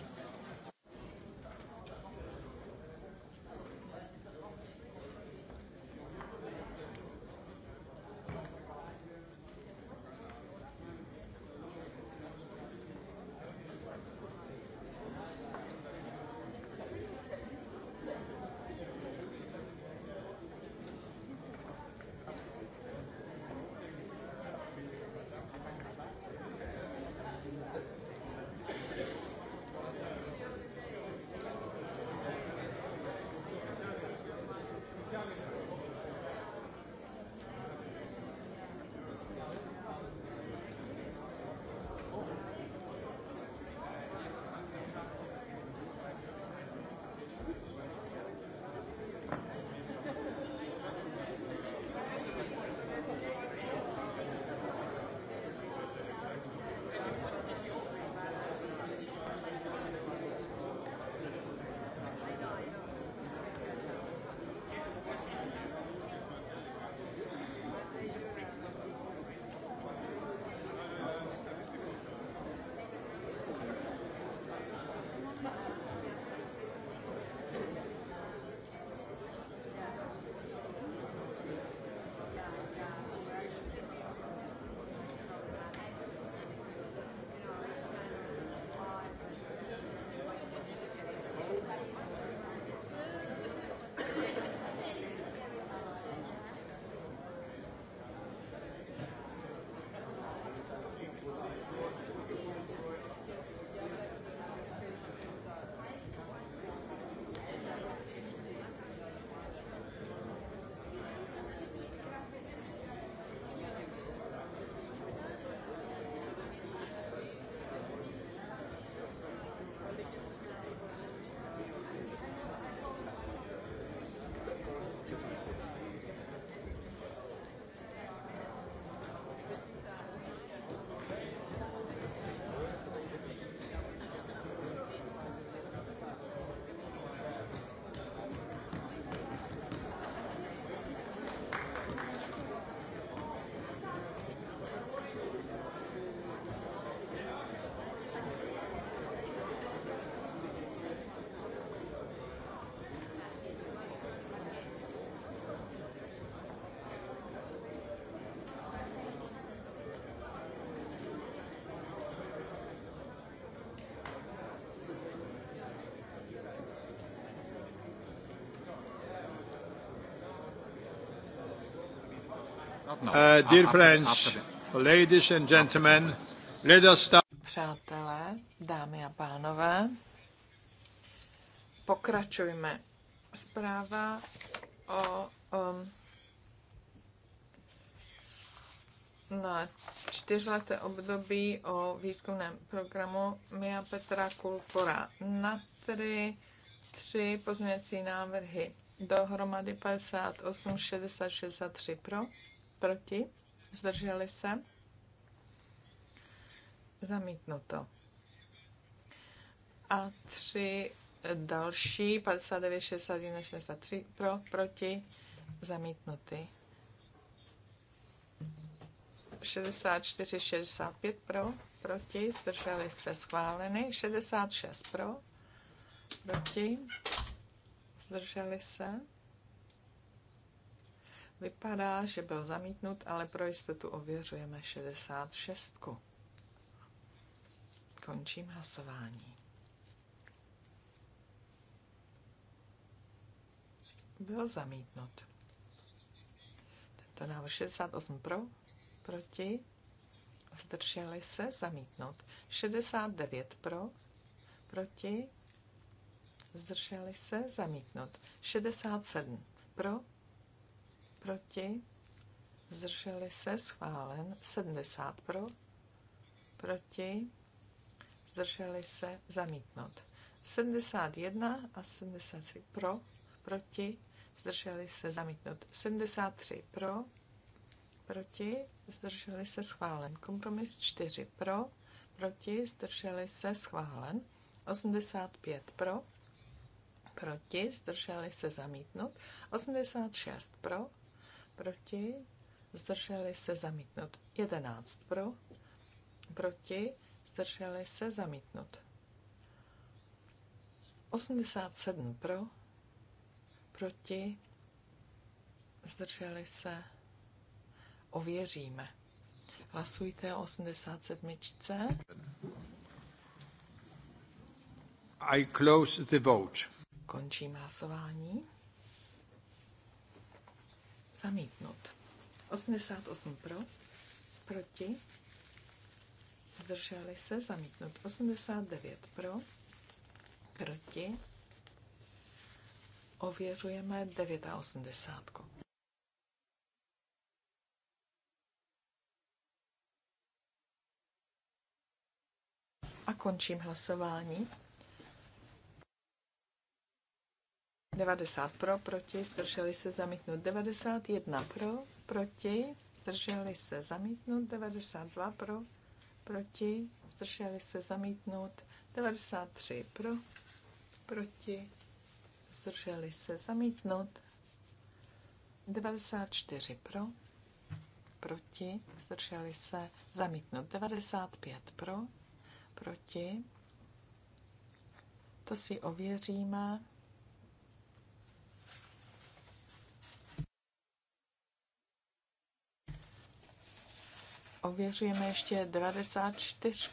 No, eh, dear friends, ladies and gentlemen, let us start. Přátelé, dámy a pánové, pokračujme. Zpráva o o um, na čtyřleté období o výzkumném programu Mia Petra Kulpora na tři, tři pozměňovací návrhy dohromady 58, 60, 63 pro, proti, zdrželi se, zamítnuto. A tři další, 59, 61, 63, pro, proti, zamítnuty. 64, 65 pro, proti, zdrželi se schváleny, 66 pro, proti, zdrželi se. Vypadá, že byl zamítnut, ale pro jistotu ověřujeme 66. Končím hlasování. Byl zamítnut. Tento návrh 68 pro, proti, zdrželi se, zamítnut. 69 pro, proti, zdrželi se, zamítnut. 67 pro, proti, zdrželi se, schválen, 70 pro, proti, zdrželi se, zamítnout. 71 a 73 pro, proti, zdrželi se, zamítnout. 73 pro, proti, zdrželi se, schválen. Kompromis 4 pro, proti, zdrželi se, schválen. 85 pro, proti, zdrželi se zamítnout, 86 pro, proti, zdrželi se zamítnout. 11 pro, proti, zdrželi se zamítnout. 87 pro, proti, zdrželi se, ověříme. Hlasujte o 87. I close the vote. Končím hlasování. Zamítnut. 88 pro, proti, zdrželi se, zamítnut. 89 pro, proti, ověřujeme 89. A končím hlasování. 90 pro, proti, zdrželi se zamítnout 91 pro, proti, zdrželi se zamítnout 92 pro, proti, zdrželi se zamítnout 93 pro, proti, zdrželi se zamítnout 94 pro, proti, zdrželi se zamítnout 95 pro, proti, to si ověříme. Ověřujeme ještě 94.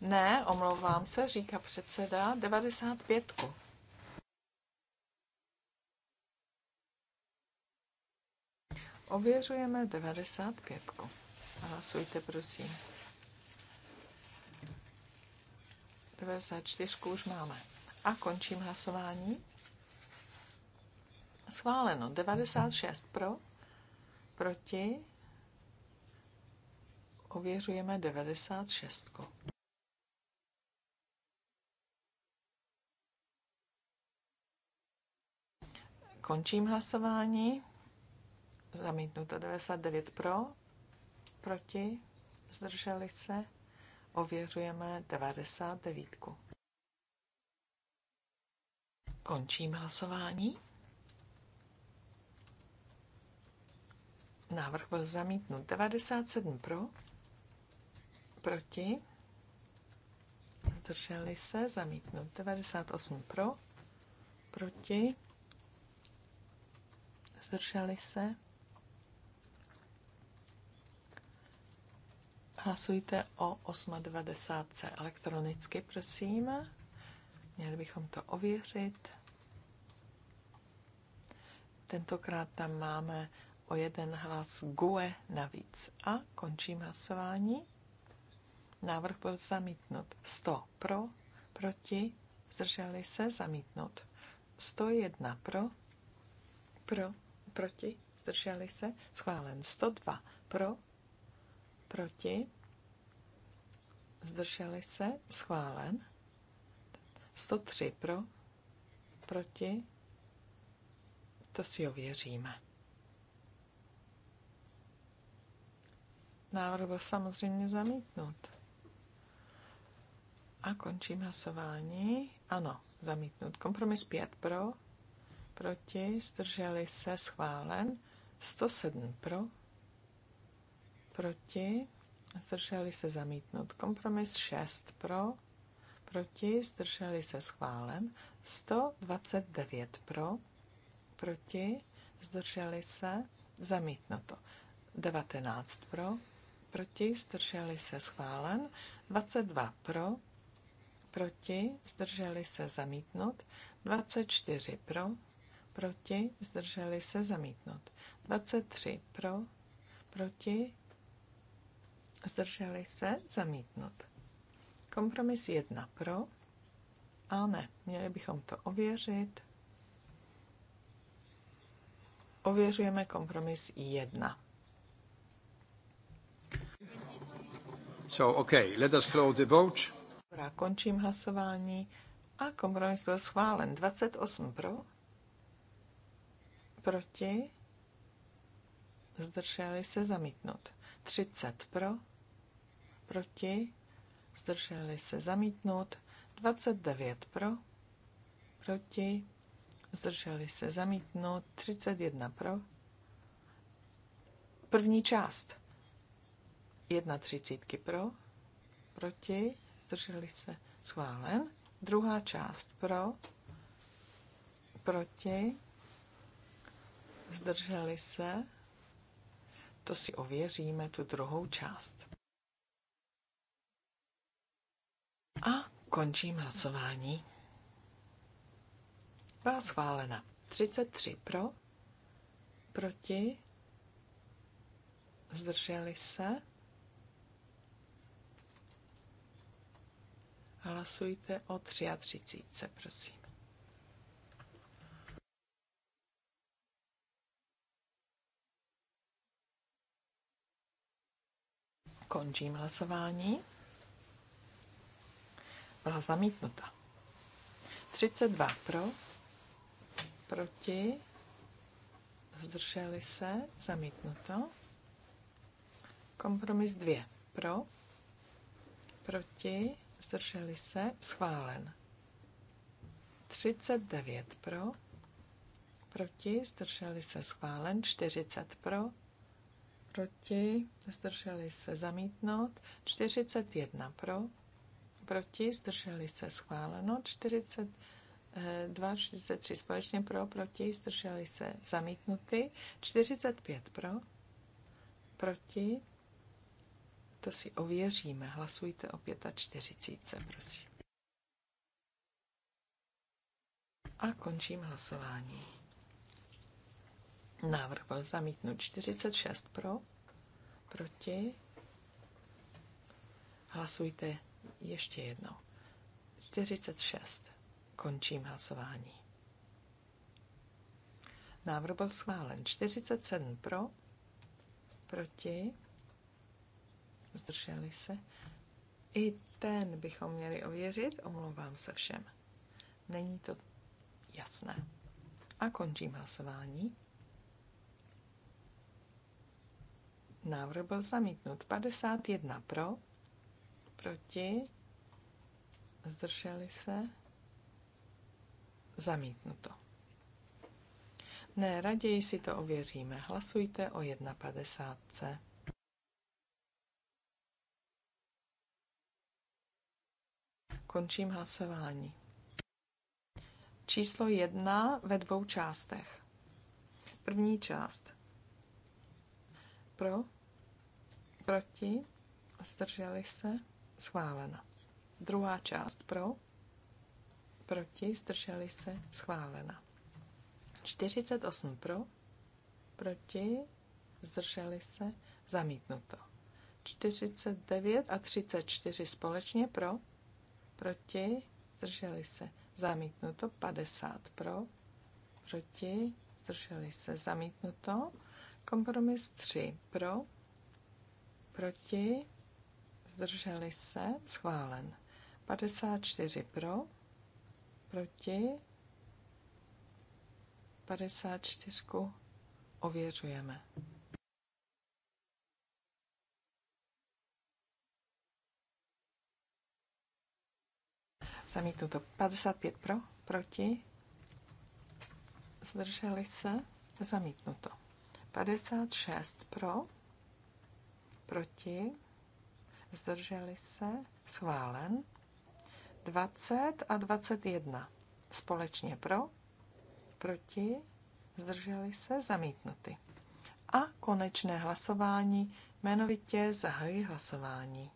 Ne, omlouvám se, říká předseda, 95. Ověřujeme 95. Hlasujte, prosím. 94 už máme. A končím hlasování. Schváleno. 96 pro, proti, Ověřujeme 96. Končím hlasování. Zamítnuto 99 pro, proti, zdrželi se. Ověřujeme 99. Končím hlasování. Návrh byl zamítnut 97 pro, proti, zdrželi se, zamítnout 98 pro, proti, zdrželi se. Hlasujte o 8.20 elektronicky, prosím. Měli bychom to ověřit. Tentokrát tam máme o jeden hlas GUE navíc. A končím hlasování. Návrh byl zamítnut. 100 pro, proti, zdrželi se, zamítnut. 101 pro, pro, proti, zdrželi se, schválen. 102 pro, proti, zdrželi se, schválen. 103 pro, proti, to si ověříme. Návrh byl samozřejmě zamítnut. A končím hlasování. Ano, zamítnut. Kompromis 5 pro, proti, zdrželi se, schválen. 107 pro, proti, zdrželi se, zamítnut. Kompromis 6 pro, proti, zdrželi se, schválen. 129 pro, proti, zdrželi se, zamítnuto. 19 pro, proti, zdrželi se, schválen. 22 pro, proti, zdrželi se zamítnout, 24 pro, proti, zdrželi se zamítnout, 23 pro, proti, zdrželi se zamítnout. Kompromis 1 pro, a ne, měli bychom to ověřit. Ověřujeme kompromis 1. So, okay, let us close the vote. Já končím hlasování a kompromis byl schválen. 28 pro, proti, zdrželi se zamítnout. 30 pro, proti, zdrželi se zamítnout. 29 pro, proti, zdrželi se zamítnout. 31 pro, první část. 1 třicítky pro, proti, zdrželi se, schválen. Druhá část pro, proti, zdrželi se, to si ověříme, tu druhou část. A končím hlasování. Byla schválena 33 pro, proti, zdrželi se, Hlasujte o 33, prosím. Končím hlasování. Byla zamítnuta. 32 pro, proti, zdrželi se, zamítnuto. Kompromis 2 pro, proti, zdrželi se, schválen. 39 pro, proti, zdrželi se, schválen. 40 pro, proti, zdrželi se, zamítnout. 41 pro, proti, zdrželi se, schváleno. 40 2, 43 společně pro, proti, zdrželi se zamítnuty, 45 pro, proti, to si ověříme. Hlasujte o 45, prosím. A končím hlasování. Návrh byl zamítnut 46 pro, proti. Hlasujte ještě jednou. 46. Končím hlasování. Návrh byl schválen 47 pro, proti zdrželi se. I ten bychom měli ověřit, omlouvám se všem. Není to jasné. A končím hlasování. Návrh byl zamítnut. 51 pro, proti, zdrželi se, zamítnuto. Ne, raději si to ověříme. Hlasujte o 1,50. Končím hlasování. Číslo jedna ve dvou částech. První část. Pro, proti, zdrželi se, schválena. Druhá část pro, proti, zdrželi se, schválena. 48 pro, proti, zdrželi se, zamítnuto. 49 a 34 společně pro, proti, zdrželi se, zamítnuto, 50 pro, proti, zdrželi se, zamítnuto, kompromis 3 pro, proti, zdrželi se, schválen, 54 pro, proti, 54 ověřujeme. Zamítnuto. 55 pro, proti. Zdrželi se. Zamítnuto. 56 pro, proti. Zdrželi se. Schválen. 20 a 21 společně pro, proti, zdrželi se, zamítnuty. A konečné hlasování, jmenovitě zahají hlasování.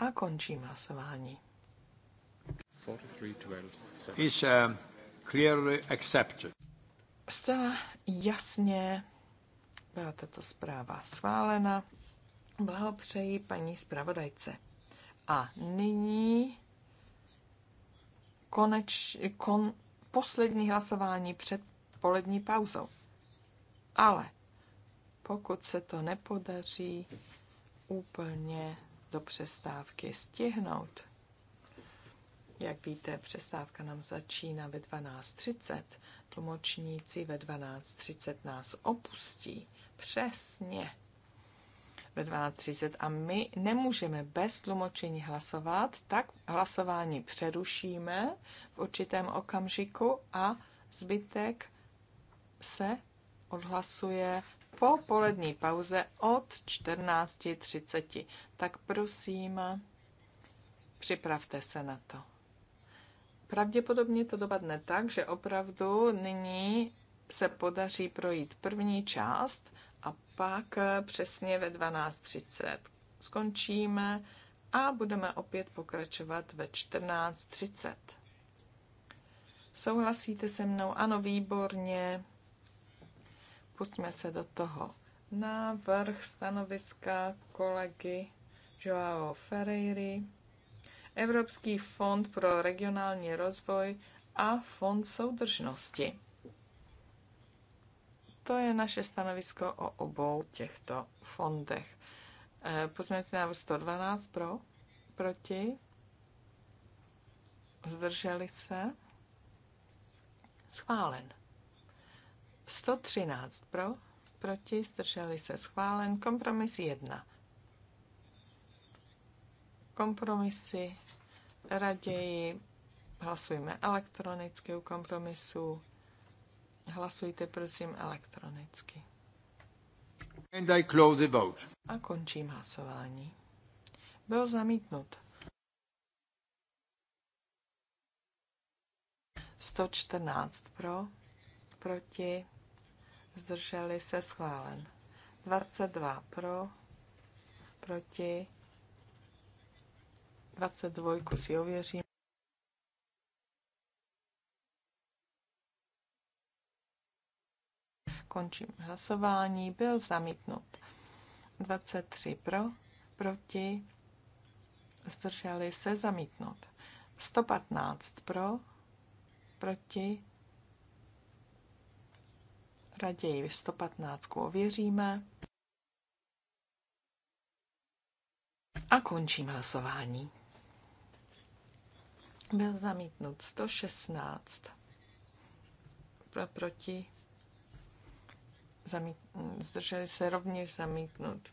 A končím hlasování. Uh, Zcela jasně byla tato zpráva schválena. Blahopřeji paní zpravodajce. A nyní koneč, kon, poslední hlasování před polední pauzou. Ale pokud se to nepodaří úplně do přestávky stihnout. Jak víte, přestávka nám začíná ve 12.30. Tlumočníci ve 12.30 nás opustí. Přesně ve 12.30 a my nemůžeme bez tlumočení hlasovat, tak hlasování přerušíme v určitém okamžiku a zbytek se odhlasuje po polední pauze od 14.30 tak prosím, připravte se na to. Pravděpodobně to dopadne tak, že opravdu nyní se podaří projít první část a pak eh, přesně ve 12.30 skončíme a budeme opět pokračovat ve 14.30. Souhlasíte se mnou? Ano, výborně. Pustíme se do toho. Návrh stanoviska kolegy Joao Ferreira, Evropský fond pro regionální rozvoj a Fond soudržnosti. To je naše stanovisko o obou těchto fondech. Eh, pozměňovací návrh 112 pro, proti, zdrželi se, schválen. 113 pro, proti, zdrželi se, schválen. Kompromis 1 kompromisy. Raději hlasujme elektronicky u kompromisu. Hlasujte prosím elektronicky. And I close the vote. A končím hlasování. Byl zamítnut. 114 pro, proti, zdrželi se schválen. 22 pro, proti, 22 si ověřím. Končím hlasování. Byl zamítnut. 23 pro, proti, zdrželi se zamítnout. 115 pro, proti, raději 115 ověříme. A končím hlasování. Byl zamítnut 116. Pro, proti. Zamít, zdrželi se rovněž zamítnut.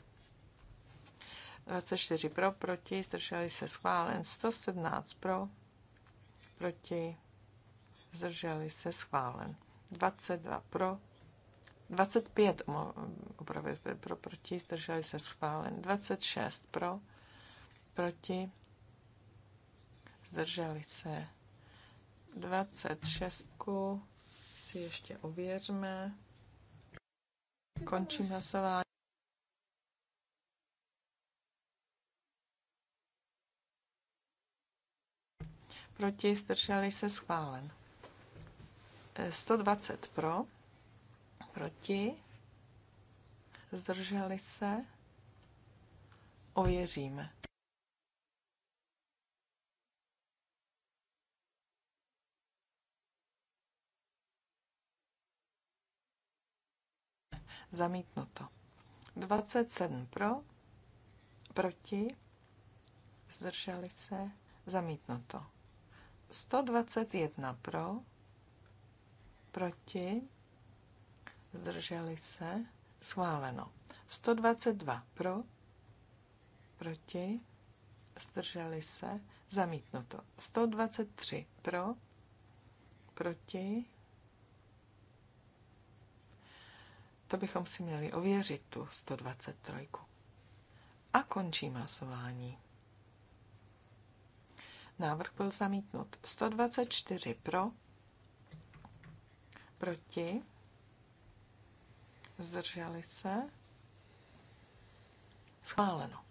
24 pro, proti, zdrželi se schválen. 117 pro, proti, zdrželi se schválen. 22 pro, 25 opravdu pro, proti, zdrželi se schválen. 26 pro, proti, zdrželi se. 26 si ještě ověřme. Končím hlasování. Proti zdrželi se schválen. 120 pro, proti, zdrželi se, ověříme. Zamítnuto. 27 pro, proti, zdrželi se, zamítnuto. 121 pro, proti, zdrželi se, schváleno. 122 pro, proti, zdrželi se, zamítnuto. 123 pro, proti, To bychom si měli ověřit, tu 123. A končím hlasování. Návrh byl zamítnut. 124 pro, proti, zdrželi se, schváleno.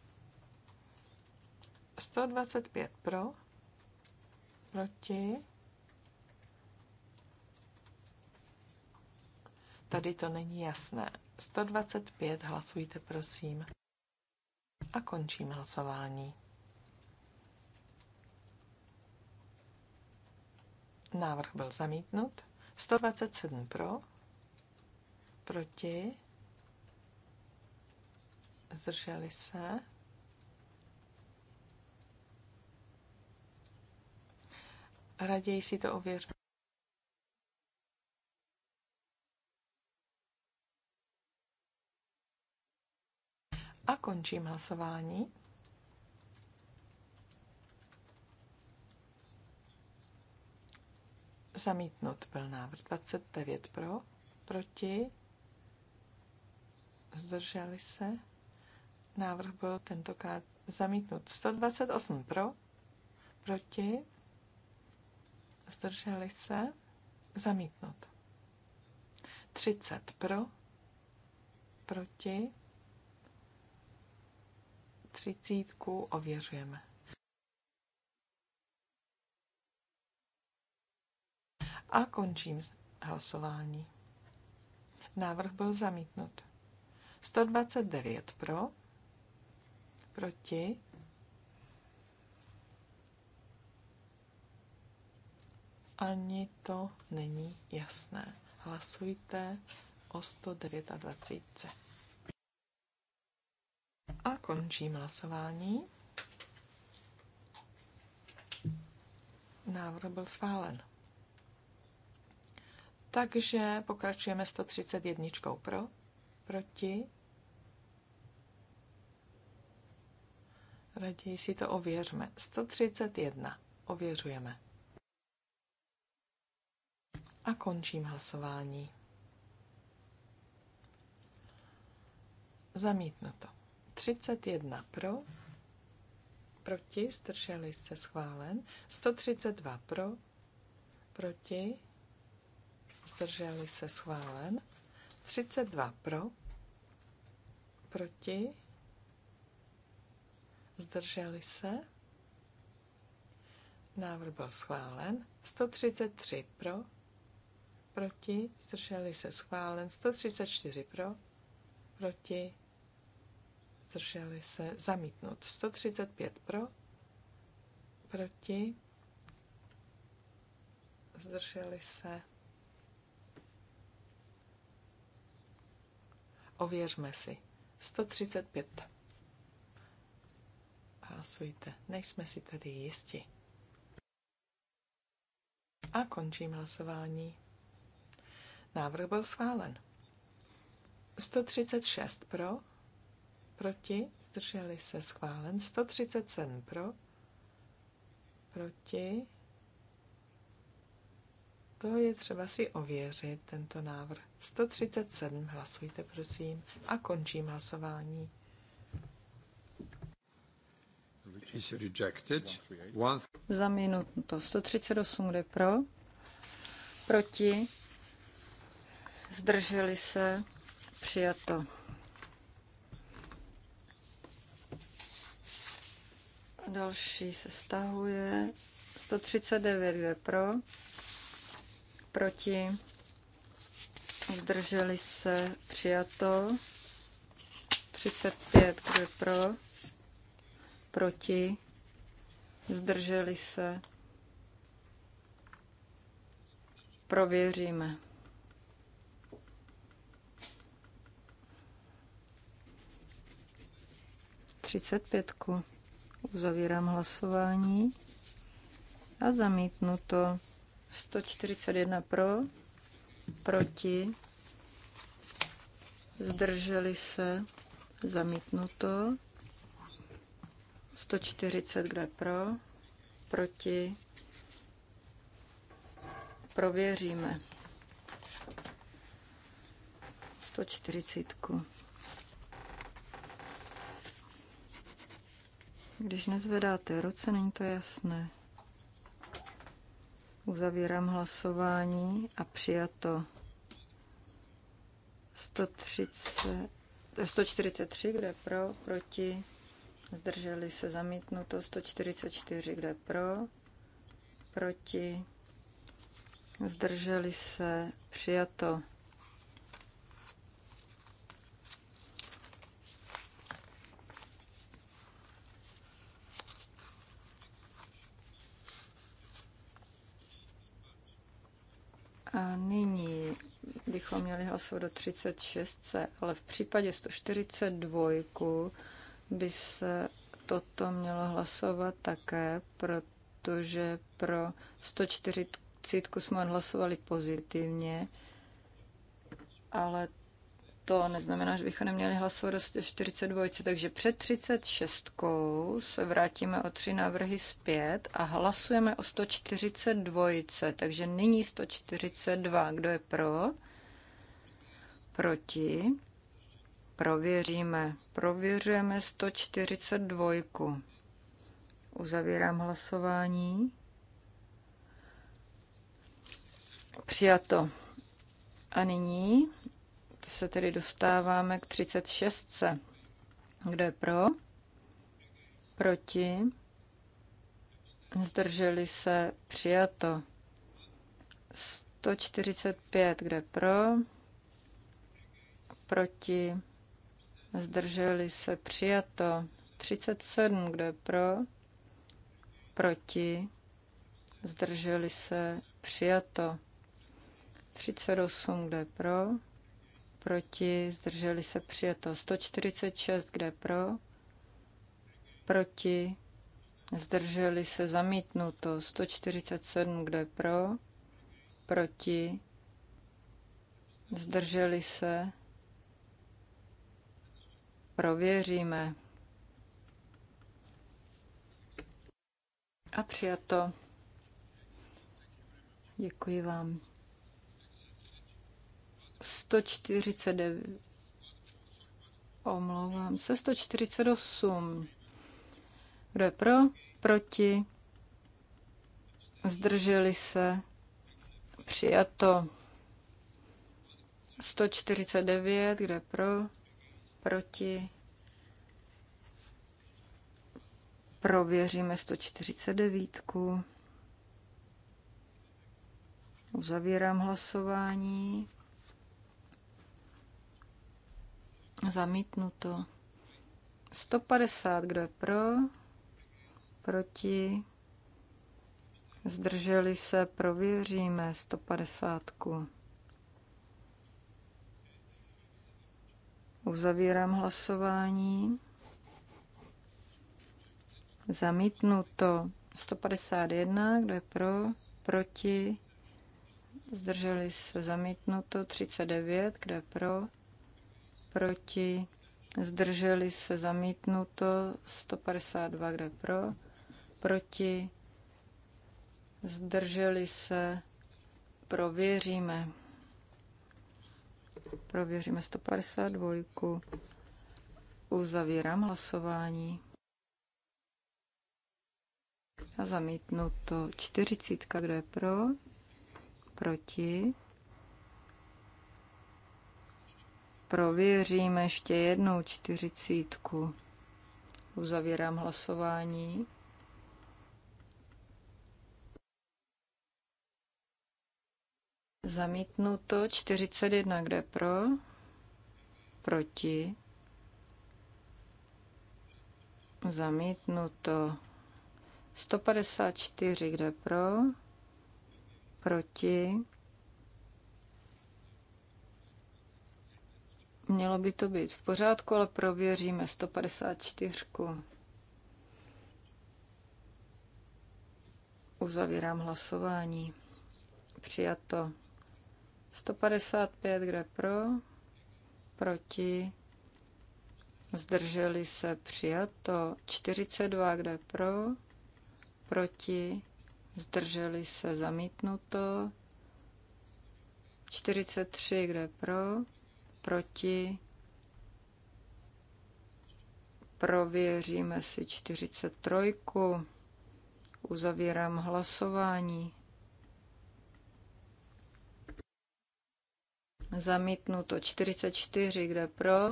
125 pro, proti, Tady to není jasné. 125 hlasujte, prosím. A končím hlasování. Návrh byl zamítnut. 127 pro, proti, zdrželi se. Raději si to ověřme. A končím hlasování. Zamítnut byl návrh 29 pro, proti, zdrželi se. Návrh byl tentokrát zamítnut 128 pro, proti, zdrželi se, zamítnut. 30 pro, proti, třicítku ověřujeme. A končím hlasování. Návrh byl zamítnut. 129 pro, proti, ani to není jasné. Hlasujte o 129. A končím hlasování. Návrh byl schválen. Takže pokračujeme 131 pro, proti. Raději si to ověřme. 131. Ověřujeme. A končím hlasování. Zamítnuto. 31 pro, proti, zdrželi se schválen. 132 pro, proti, zdrželi se schválen. 32 pro, proti, zdrželi se. Návrh byl schválen. 133 pro, proti, zdrželi se schválen. 134 pro, proti, zdrželi se, zamítnout 135 pro, proti, zdrželi se. Ověřme si. 135. Hlasujte, nejsme si tady jisti. A končím hlasování. Návrh byl schválen. 136 pro, proti, zdrželi se schválen. 137 pro, proti. To je třeba si ověřit, tento návrh. 137, hlasujte prosím. A končím hlasování. Is rejected. to 138 jde pro, proti, zdrželi se, přijato. Další se stahuje. 139, je pro? Proti? Zdrželi se přijato. 35, je pro? Proti? Zdrželi se. Prověříme. Třicet pětku. Uzavírám hlasování. A zamítnu to 141 pro, proti, zdrželi se, zamítnuto 140 kde pro, proti, prověříme 140. Když nezvedáte ruce, není to jasné. Uzavírám hlasování a přijato 130, 143, kde pro, proti, zdrželi se zamítnuto, 144, kde pro, proti, zdrželi se přijato bychom měli hlasovat do 36, ale v případě 142 by se toto mělo hlasovat také, protože pro 140 jsme hlasovali pozitivně, ale to neznamená, že bychom neměli hlasovat do 142, takže před 36 se vrátíme o tři návrhy zpět a hlasujeme o 142, takže nyní 142. Kdo je pro? proti, prověříme. Prověřujeme 142. Uzavírám hlasování. Přijato. A nyní se tedy dostáváme k 36. Kdo je pro? Proti? Zdrželi se? Přijato. 145. Kdo je pro? proti, zdrželi se přijato 37, kdo je pro, proti, zdrželi se přijato 38, kdo je pro, proti, zdrželi se přijato 146, kde pro, proti, zdrželi se zamítnuto 147, kde pro, proti, zdrželi se Prověříme. A přijato. Děkuji vám. 149. Omlouvám se. 148. Kdo je pro? Proti? Zdrželi se? Přijato. 149. Kdo je pro? proti. Prověříme 149. Uzavírám hlasování. Zamítnuto. 150, kdo je pro? Proti? Zdrželi se, prověříme 150. Uzavírám hlasování. Zamítnu to 151, kdo je pro, proti, zdrželi se zamítnuto 39, kdo je pro, proti, zdrželi se zamítnuto 152, kdo je pro, proti, zdrželi se, prověříme. Prověříme 152. Uzavírám hlasování. A to 40. Kdo je pro? Proti? Prověříme ještě jednou čtyřicítku. Uzavírám hlasování. Zamítnuto 41, kde pro? Proti. Zamítnuto 154, kde pro? Proti. Mělo by to být v pořádku, ale prověříme 154. Uzavírám hlasování. Přijato. 155, kdo je pro? Proti? Zdrželi se přijato. 42, kdo je pro? Proti? Zdrželi se zamítnuto. 43, kdo je pro? Proti? Prověříme si 43. Uzavírám hlasování. Zamítnuto 44, kde pro,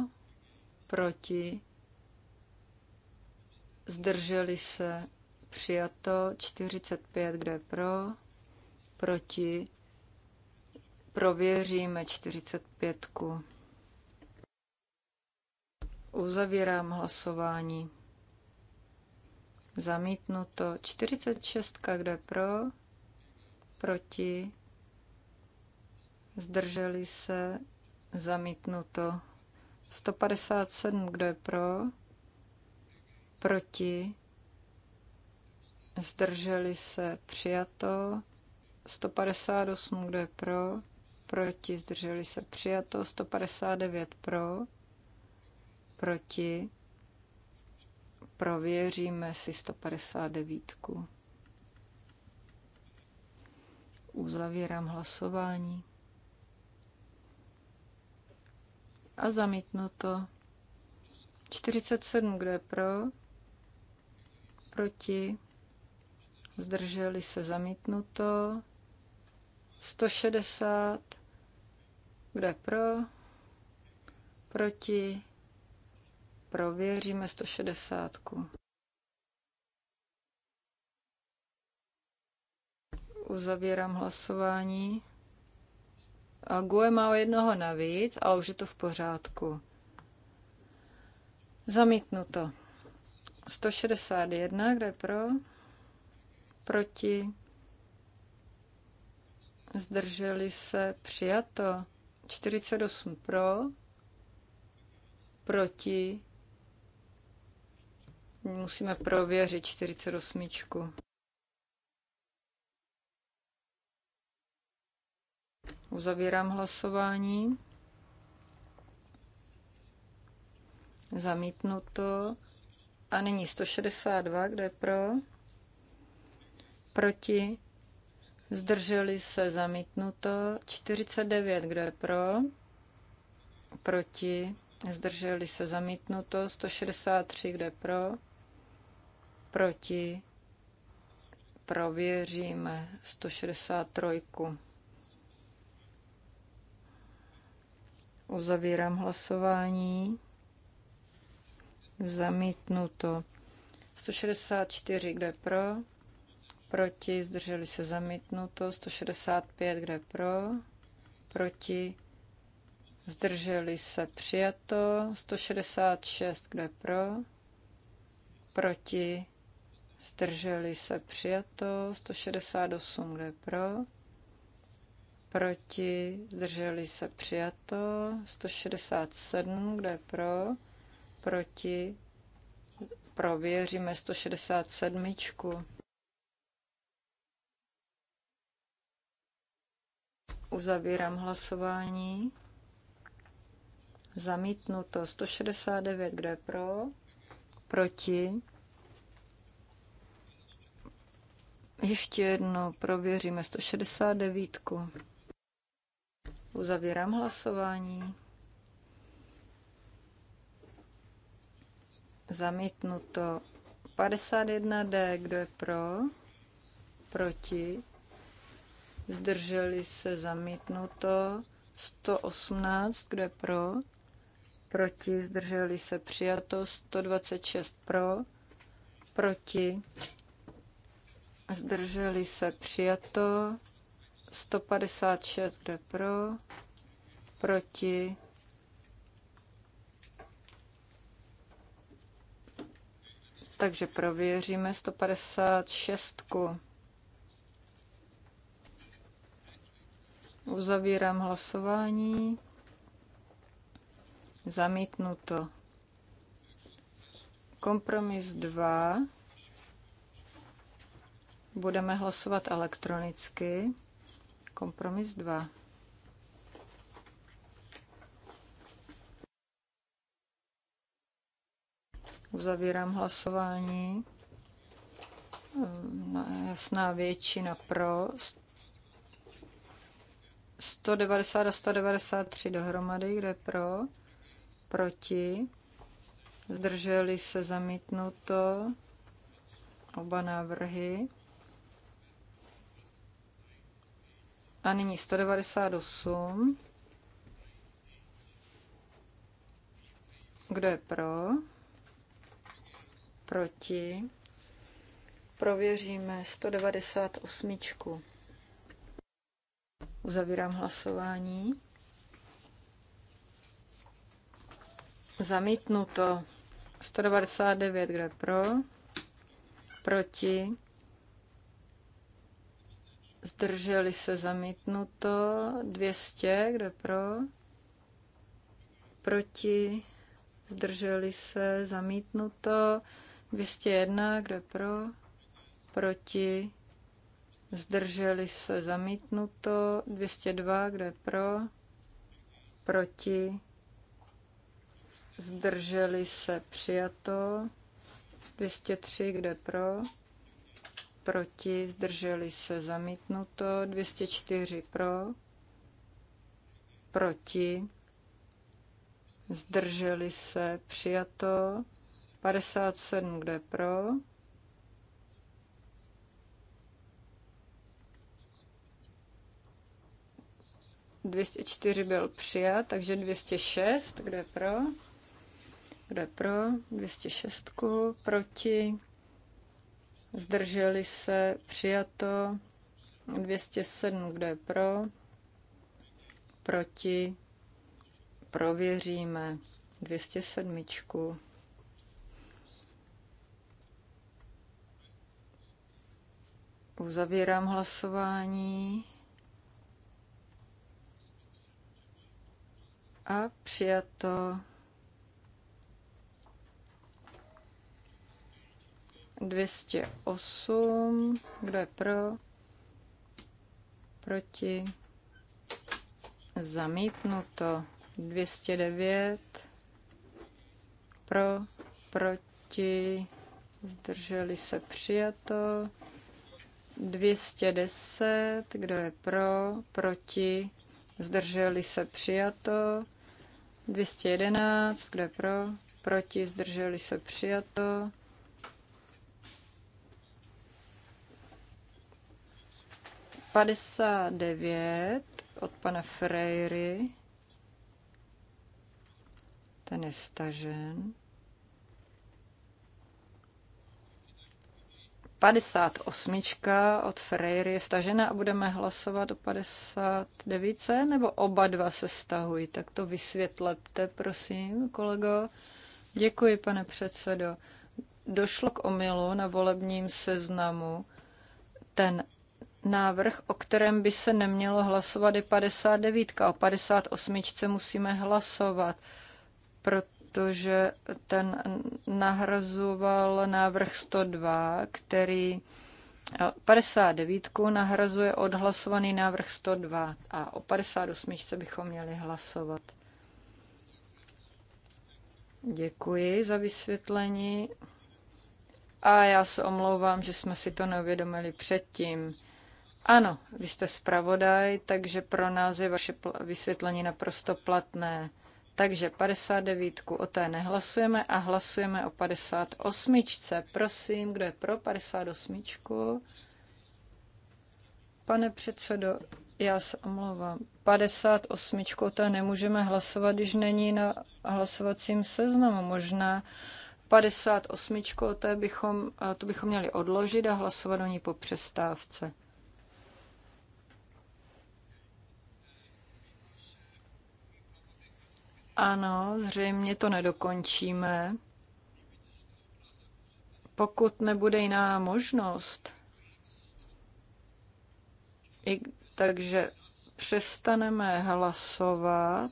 proti, zdrželi se, přijato 45, kde pro, proti, prověříme 45. Uzavírám hlasování. Zamítnuto 46, kde pro, proti, zdrželi se, zamítnuto. 157, kdo je pro, proti, zdrželi se, přijato. 158, kdo je pro, proti, zdrželi se, přijato. 159 pro, proti, prověříme si 159. Uzavírám hlasování. a zamítnuto. 47, kdo je pro, proti, zdrželi se zamítnuto. 160, kdo je pro, proti, prověříme 160. Uzavírám hlasování. GUE má o jednoho navíc, ale už je to v pořádku. Zamítnuto. 161, kde pro? Proti? Zdrželi se? Přijato. 48 pro? Proti? Musíme prověřit 48. Uzavírám hlasování. Zamítnuto. A nyní 162, kde je pro? Proti? Zdrželi se zamítnuto. 49, kde je pro? Proti? Zdrželi se zamítnuto. 163, kde je pro? Proti? Prověříme 163. Uzavírám hlasování. Zamítnuto. 164, kde pro? Proti, zdrželi se zamítnuto. 165, kde pro? Proti, zdrželi se přijato. 166, kde pro? Proti, zdrželi se přijato. 168, kde pro? proti, zdrželi se přijato, 167, kdo je pro, proti, prověříme 167. Uzavírám hlasování. Zamítnuto 169, kdo je pro, proti. Ještě jednou prověříme 169. Uzavírám hlasování. Zamítnuto 51D, kdo je pro, proti, zdrželi se zamítnuto 118, kdo je pro, proti, zdrželi se přijato 126 pro, proti, zdrželi se přijato 156, kdo je pro, proti, takže prověříme 156. Uzavírám hlasování. Zamítnuto. Kompromis 2. Budeme hlasovat elektronicky. Kompromis 2. Uzavírám hlasování. Jasná většina pro. 190 a 193 dohromady. kde pro? Proti? Zdrželi se zamítnuto oba návrhy. A nyní 198. Kdo je pro? proti. Prověříme 198. Uzavírám hlasování. Zamítnuto 199, kde pro, proti, zdrželi se zamítnuto 200, kde pro, proti, zdrželi se zamítnuto 201, kdo je pro, proti, zdrželi se zamítnuto, 202, kdo je pro, proti, zdrželi se přijato, 203, kdo je pro, proti, zdrželi se zamítnuto, 204 pro, proti, zdrželi se přijato, 57, kde pro. Dvěstě čtyři byl přijat, takže 206, kde pro. Kde pro, 206, proti, zdrželi se, přijato, 207, kde pro, proti, prověříme 207. Uzavírám hlasování. A přijato dvěstě osm. Kdo je pro? Proti? Zamítnuto devět. Pro? Proti? Zdrželi se přijato. 210, kdo je pro, proti, zdrželi se přijato. 211, kdo je pro, proti, zdrželi se přijato. Padesát devět od pana Freiry. Ten je stažen. 58 od Freire je stažena a budeme hlasovat o 59, nebo oba dva se stahují? Tak to vysvětlete, prosím, kolego. Děkuji, pane předsedo. Došlo k omylu na volebním seznamu. Ten návrh, o kterém by se nemělo hlasovat, je 59. O 58 musíme hlasovat, proto protože ten nahrazoval návrh 102, který 59 eh, nahrazuje odhlasovaný návrh 102 a o 58 bychom měli hlasovat. Děkuji za vysvětlení. A já se omlouvám, že jsme si to neuvědomili předtím. Ano, vy jste zpravodaj, takže pro nás je vaše vysvětlení naprosto platné. Takže 59 o té nehlasujeme a hlasujeme o 58. Prosím, kdo je pro 58? Pane předsedo, já se omlouvám. 58. o té nemůžeme hlasovat, když není na hlasovacím seznamu. Možná 58. o té bychom, to bychom měli odložit a hlasovat o ní po přestávce. Ano, zřejmě to nedokončíme. Pokud nebude jiná možnost, i, takže přestaneme hlasovat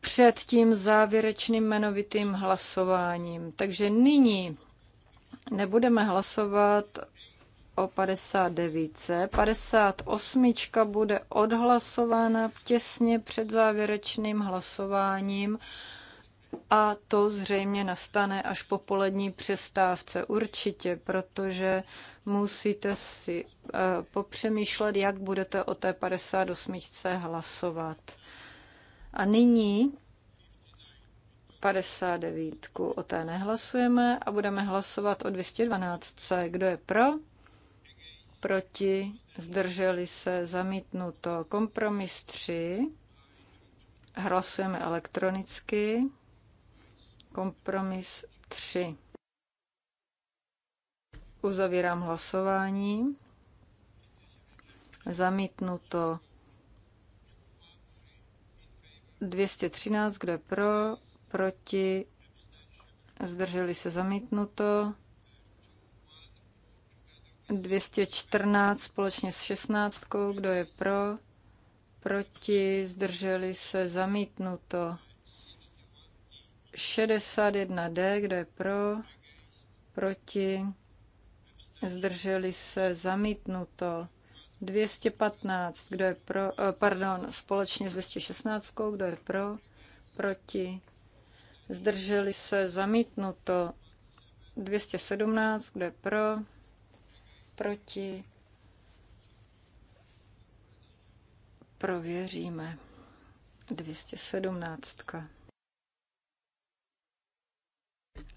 před tím závěrečným jmenovitým hlasováním. Takže nyní nebudeme hlasovat o 59. 58. bude odhlasována těsně před závěrečným hlasováním a to zřejmě nastane až po polední přestávce určitě, protože musíte si eh, popřemýšlet, jak budete o té 58. hlasovat. A nyní 59. O té nehlasujeme a budeme hlasovat o 212. Kdo je pro? proti, zdrželi se, zamítnuto. Kompromis 3, hlasujeme elektronicky. Kompromis 3. Uzavírám hlasování. Zamítnuto 213, kdo je pro, proti, zdrželi se zamítnuto. 214 společně s 16. Kdo je pro? Proti? Zdrželi se? Zamítnuto. 61D. Kdo je pro? Proti? Zdrželi se? Zamítnuto. 215. Kdo je pro? Eh, pardon, společně s 216. Kdo je pro? Proti? Zdrželi se? Zamítnuto. 217. Kdo je pro? proti, prověříme. 217.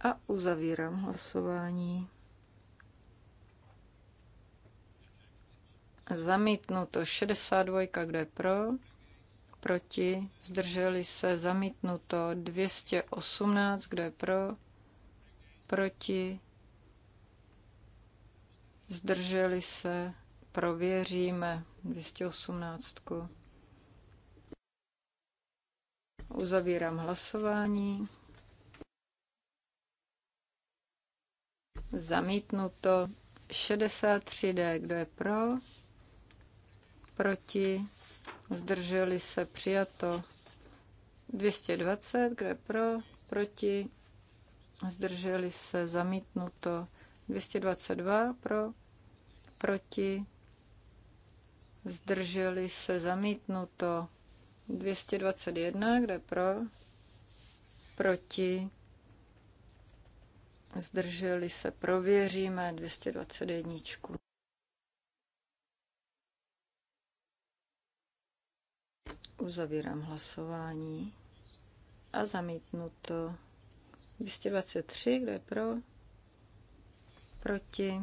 A uzavírám hlasování. Zamítnuto 62, kdo je pro, proti, zdrželi se, zamítnuto 218, kdo je pro, proti, zdrželi se, prověříme 218. Uzavírám hlasování. Zamítnuto 63D. Kdo je pro? Proti? Zdrželi se přijato 220. Kdo je pro? Proti? Zdrželi se zamítnuto 222 pro, proti, zdrželi se zamítnuto 221, kde pro, proti, zdrželi se, prověříme 221. Uzavírám hlasování a zamítnuto 223, kde pro, proti,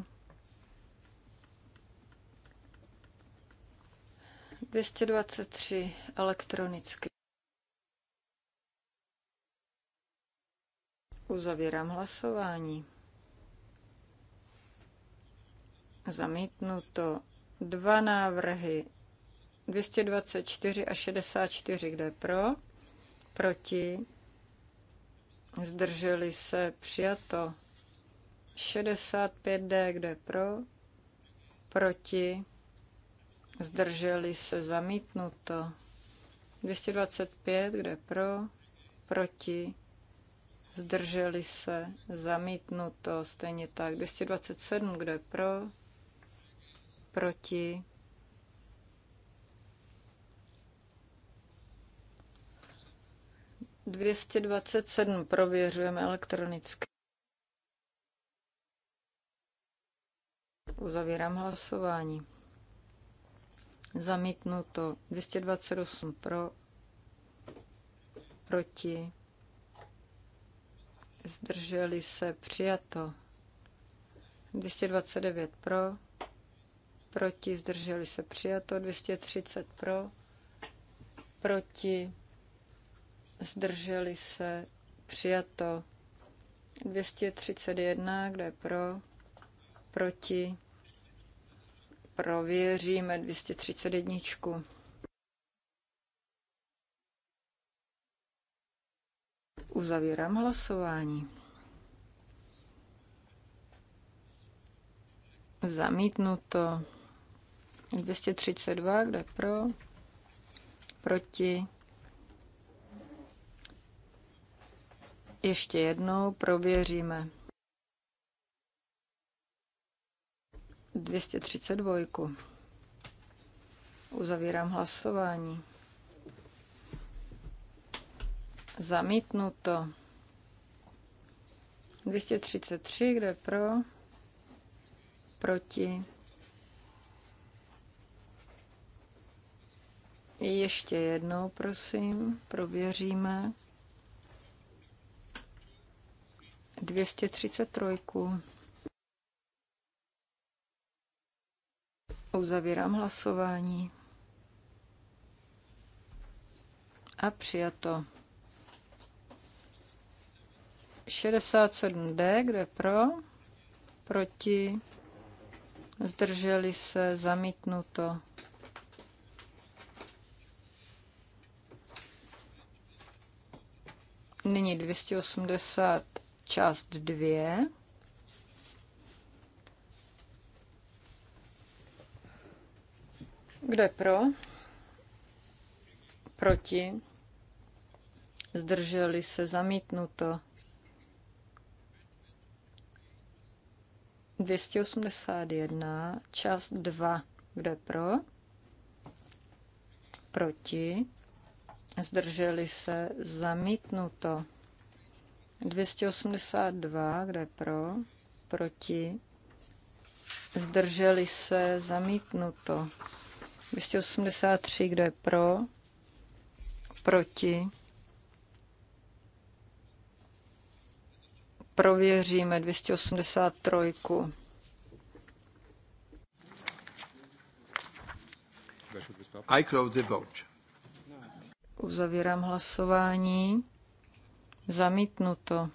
223 elektronicky. Uzavírám hlasování. Zamítnuto dva návrhy 224 a 64, kde pro, proti, zdrželi se, přijato 65D, kde pro, proti, zdrželi se zamítnuto. 225, kde pro, proti, zdrželi se zamítnuto. Stejně tak 227, kde pro, proti, Dvěstě dvacet sedm prověřujeme elektronicky. Uzavírám hlasování. Zamítnuto 228 pro, proti, zdrželi se, přijato 229 pro, proti, zdrželi se, přijato 230 pro, proti, zdrželi se, přijato 231, kde pro, proti, prověříme 231. Uzavírám hlasování. Zamítnuto. 232, kde pro? Proti. Ještě jednou prověříme. 232. Uzavírám hlasování. Zamítnuto. 233, kde pro? Proti. Ještě jednou, prosím, prověříme. 233. Uzavírám hlasování. A přijato. 67D, kde pro, proti, zdrželi se, zamítnuto. Nyní 280 část 2. Kdo je pro? Proti? Zdrželi se zamítnuto. 281, část 2. Kdo je pro? Proti? Zdrželi se zamítnuto. 282, kde je pro? Proti? Zdrželi se zamítnuto. 283, kdo je pro? Proti? Prověříme 283. I close the vote. Uzavírám hlasování. Zamítnuto.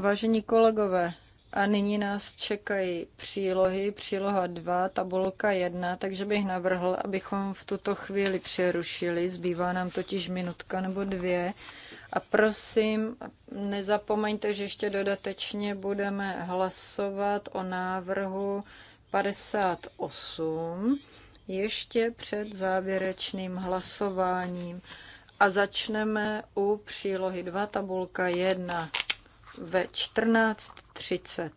Vážení kolegové, a nyní nás čekají přílohy, příloha 2, tabulka 1, takže bych navrhl, abychom v tuto chvíli přerušili, zbývá nám totiž minutka nebo dvě. A prosím, nezapomeňte, že ještě dodatečně budeme hlasovat o návrhu 58 ještě před závěrečným hlasováním. A začneme u přílohy 2, tabulka 1 ve 14.30.